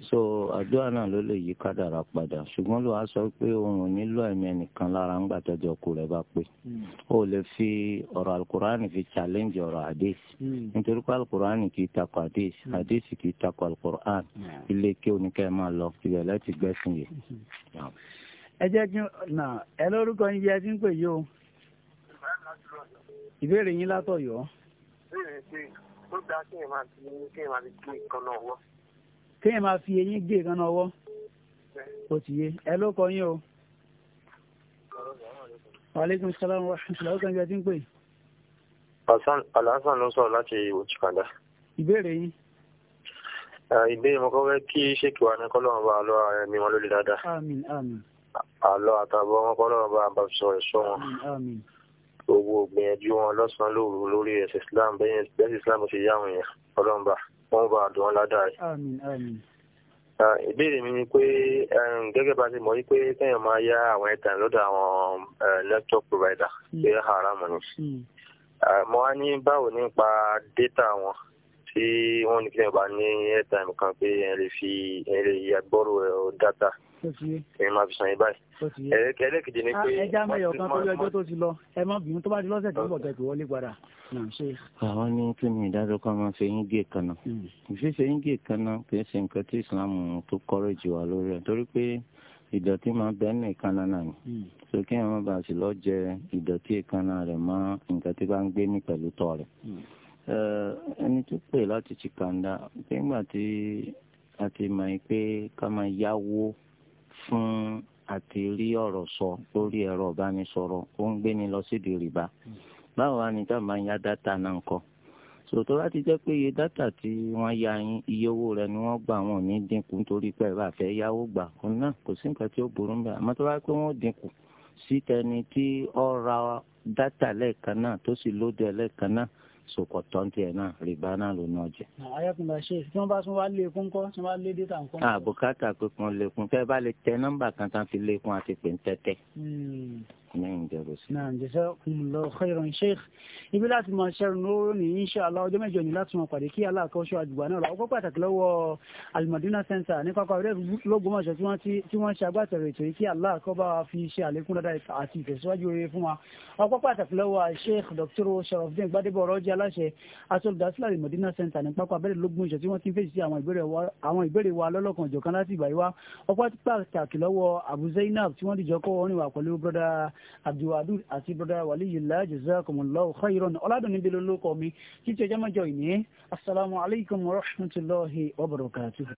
so àdúrà náà ló lè yí kádàrà padà ṣùgbọ́n ló wá sọ pé òun nílò ẹ̀mí ẹnìkan lára ń gbàtọ́jọ kù rẹ̀ bá pé ó hmm. lè fi ọ̀rọ̀ alukur'ani fi challenge ọ̀rọ̀ hadith hmm. nítorí pé alukur'ani kì í takò hadith hmm. hadith kì í takò alukur'an ilé kí oníkẹ́ máa lọ ibẹ̀ láti gbẹ́sìn yìí. ẹ jẹ́ kí nà ẹ lórúkọ yín bí ẹ ti pè yí ìbéèrè yín látọ̀ yọ. ìbéèrè ṣe ó dáa kí ẹ máa ti kí ẹ máa ti kí ìkànnà ọwọ́ kéèyàn máa fi eyín gé ìkànnà ọwọ́ ó ti yé ẹ ló kọ yín o. aleykum salaam wa rahmatulah ọkàn ìgbà tí ń pè. alhassan ló sọ̀rọ̀ láti òjìkàdá. ìbéèrè yín. ìbéèrè mo kọ́ fẹ́ kí ṣèkì wa ní kọ́lọ́run bá a lọ ara wọn lórí dáadáa. àlọ́ àtàbọ̀ wọn kọ́lọ́run bá ẹ̀ṣọ́ wọn. gbogbo gbìyànjú wọn lọ́sàn-án lóru lórí ẹ̀sìn islam bẹ́ẹ̀ islam ṣe yáwọn yẹn ọlọ́mbà wọ́n gba àdùn wọn ládàá rẹ̀. ìbéèrè mi ni pé gẹ́gẹ́ bá ti mọ̀ yí pé kéèyàn máa yá àwọn ẹ̀tàn lọ́dọ̀ àwọn network provider ṣe hmm. haram ni. Hmm. mo wá ní báwo nípa data wọn tí wọ́n ní kéèyàn bá ní airtime kan pé ẹ lè fi ẹ lè yàgbọ́rò data èmi máa fi san yín báyìí ẹlẹ́kẹ̀dẹ̀ ni ah, pé. ẹja mẹ́yọ̀ kan torí ọjọ́ tó ti lọ ẹ má bínú tó bá di lọ́sẹ̀ tó ń bọ̀ kẹ́kẹ́ wọlé padà. àwọn ní kí ni ìdájọ́ kan máa ṣe yín gé kan náà hmm. ìfíṣe yín gé kan náà kì í ṣe nǹkan tí Islam tó kọ́rọ̀ jù wá lórí ẹ̀ torí pé ìdọ̀tí máa bẹ́ẹ̀ ní ìkànnà náà ni sókè àwọn bá sì lọ jẹ ìdọ̀tí ìkànnà rẹ̀ mọ́ nǹkan tí bá ń gbé ní pẹ̀lú tọ́ rẹ̀ hmm. ẹni tó pè láti Chikanda pé ńgbà tí a ti mọ̀ pé ká máa yáwó fún àti rí ọ̀rọ̀ sọ lórí ẹ̀rọ ìbánisọ̀rọ̀ ó ń gbéni lọ síbi rìbá báwo wá ni táwọn máa ń ya dátà náà ń kọ sòtò láti jẹ́ pé iye dátà tí wọ́n ya yín iye owó rẹ̀ ni wọ́n gbà wọ́n ní dínkù nítorí pé ẹ̀rọ àfẹ́ yáwó gbà òun náà kò sí nǹkan tí ó burú ń àmọ́ tó bá pé wọ́n dínkù sí tẹni tí ó ra dátà lẹ́ẹ̀kan náà tó sì lóde lẹ́ẹ̀kan náà sokọtọ́ tiẹ̀ náà rìbá náà ló náà jẹ. ayọkùnrin ṣe tí wọn bá tún wá lékún kọ tí wọn bá lé dẹ́ta nǹkan. àbùkátà pé kí wọn lékún fẹ́ẹ́ bá lè tẹ nọ́mbà kan tán fi lékún àti nine zero six. náà jazakumullahu khairan sheikh ibi láti máa ṣẹ́run lóró ní insha Allah ọjọ́ mẹ́jọ ní láti máa pàdé kí aláàkọ́ṣọ́ àjùgbà náà ọkọ̀ pàtàkì lọ́wọ́ alimadina center ní pápá rẹ̀ lọ́gbọ́mọṣẹ́ tí wọ́n ṣe agbátẹrù ètò yìí kí aláàkọ́ bá wa fi ṣe àlékún dáadáa àti ìtẹ̀síwájú rere fún wa ọkọ̀ pàtàkì lọ́wọ́ sheikh dr sharafdin gbadebo ọrọ̀jì aláṣẹ atolùdásílẹ̀ alimadina center ní pápá abẹ́rẹ́ lọ́gbọ́mọṣẹ́ tí wọ́n ti ń fèsì àwọn ìbéèrè wa lọ́lọ́kan ìjọ̀kan láti ìgbà yìí wá ọkọ̀ pàtàkì lọ́wọ́ abu zainab tí wọ́n dìjọ́ kọ́ orin wà pẹ̀lú brother abdulwadu àti brother waliyullah jazakumullahu khairan ọ̀làdùn níbi lólókọ̀ mi títí ọjọ́ mọ́jọ ìní assalamu alaikum wa rahmatullahi wa barakatuh.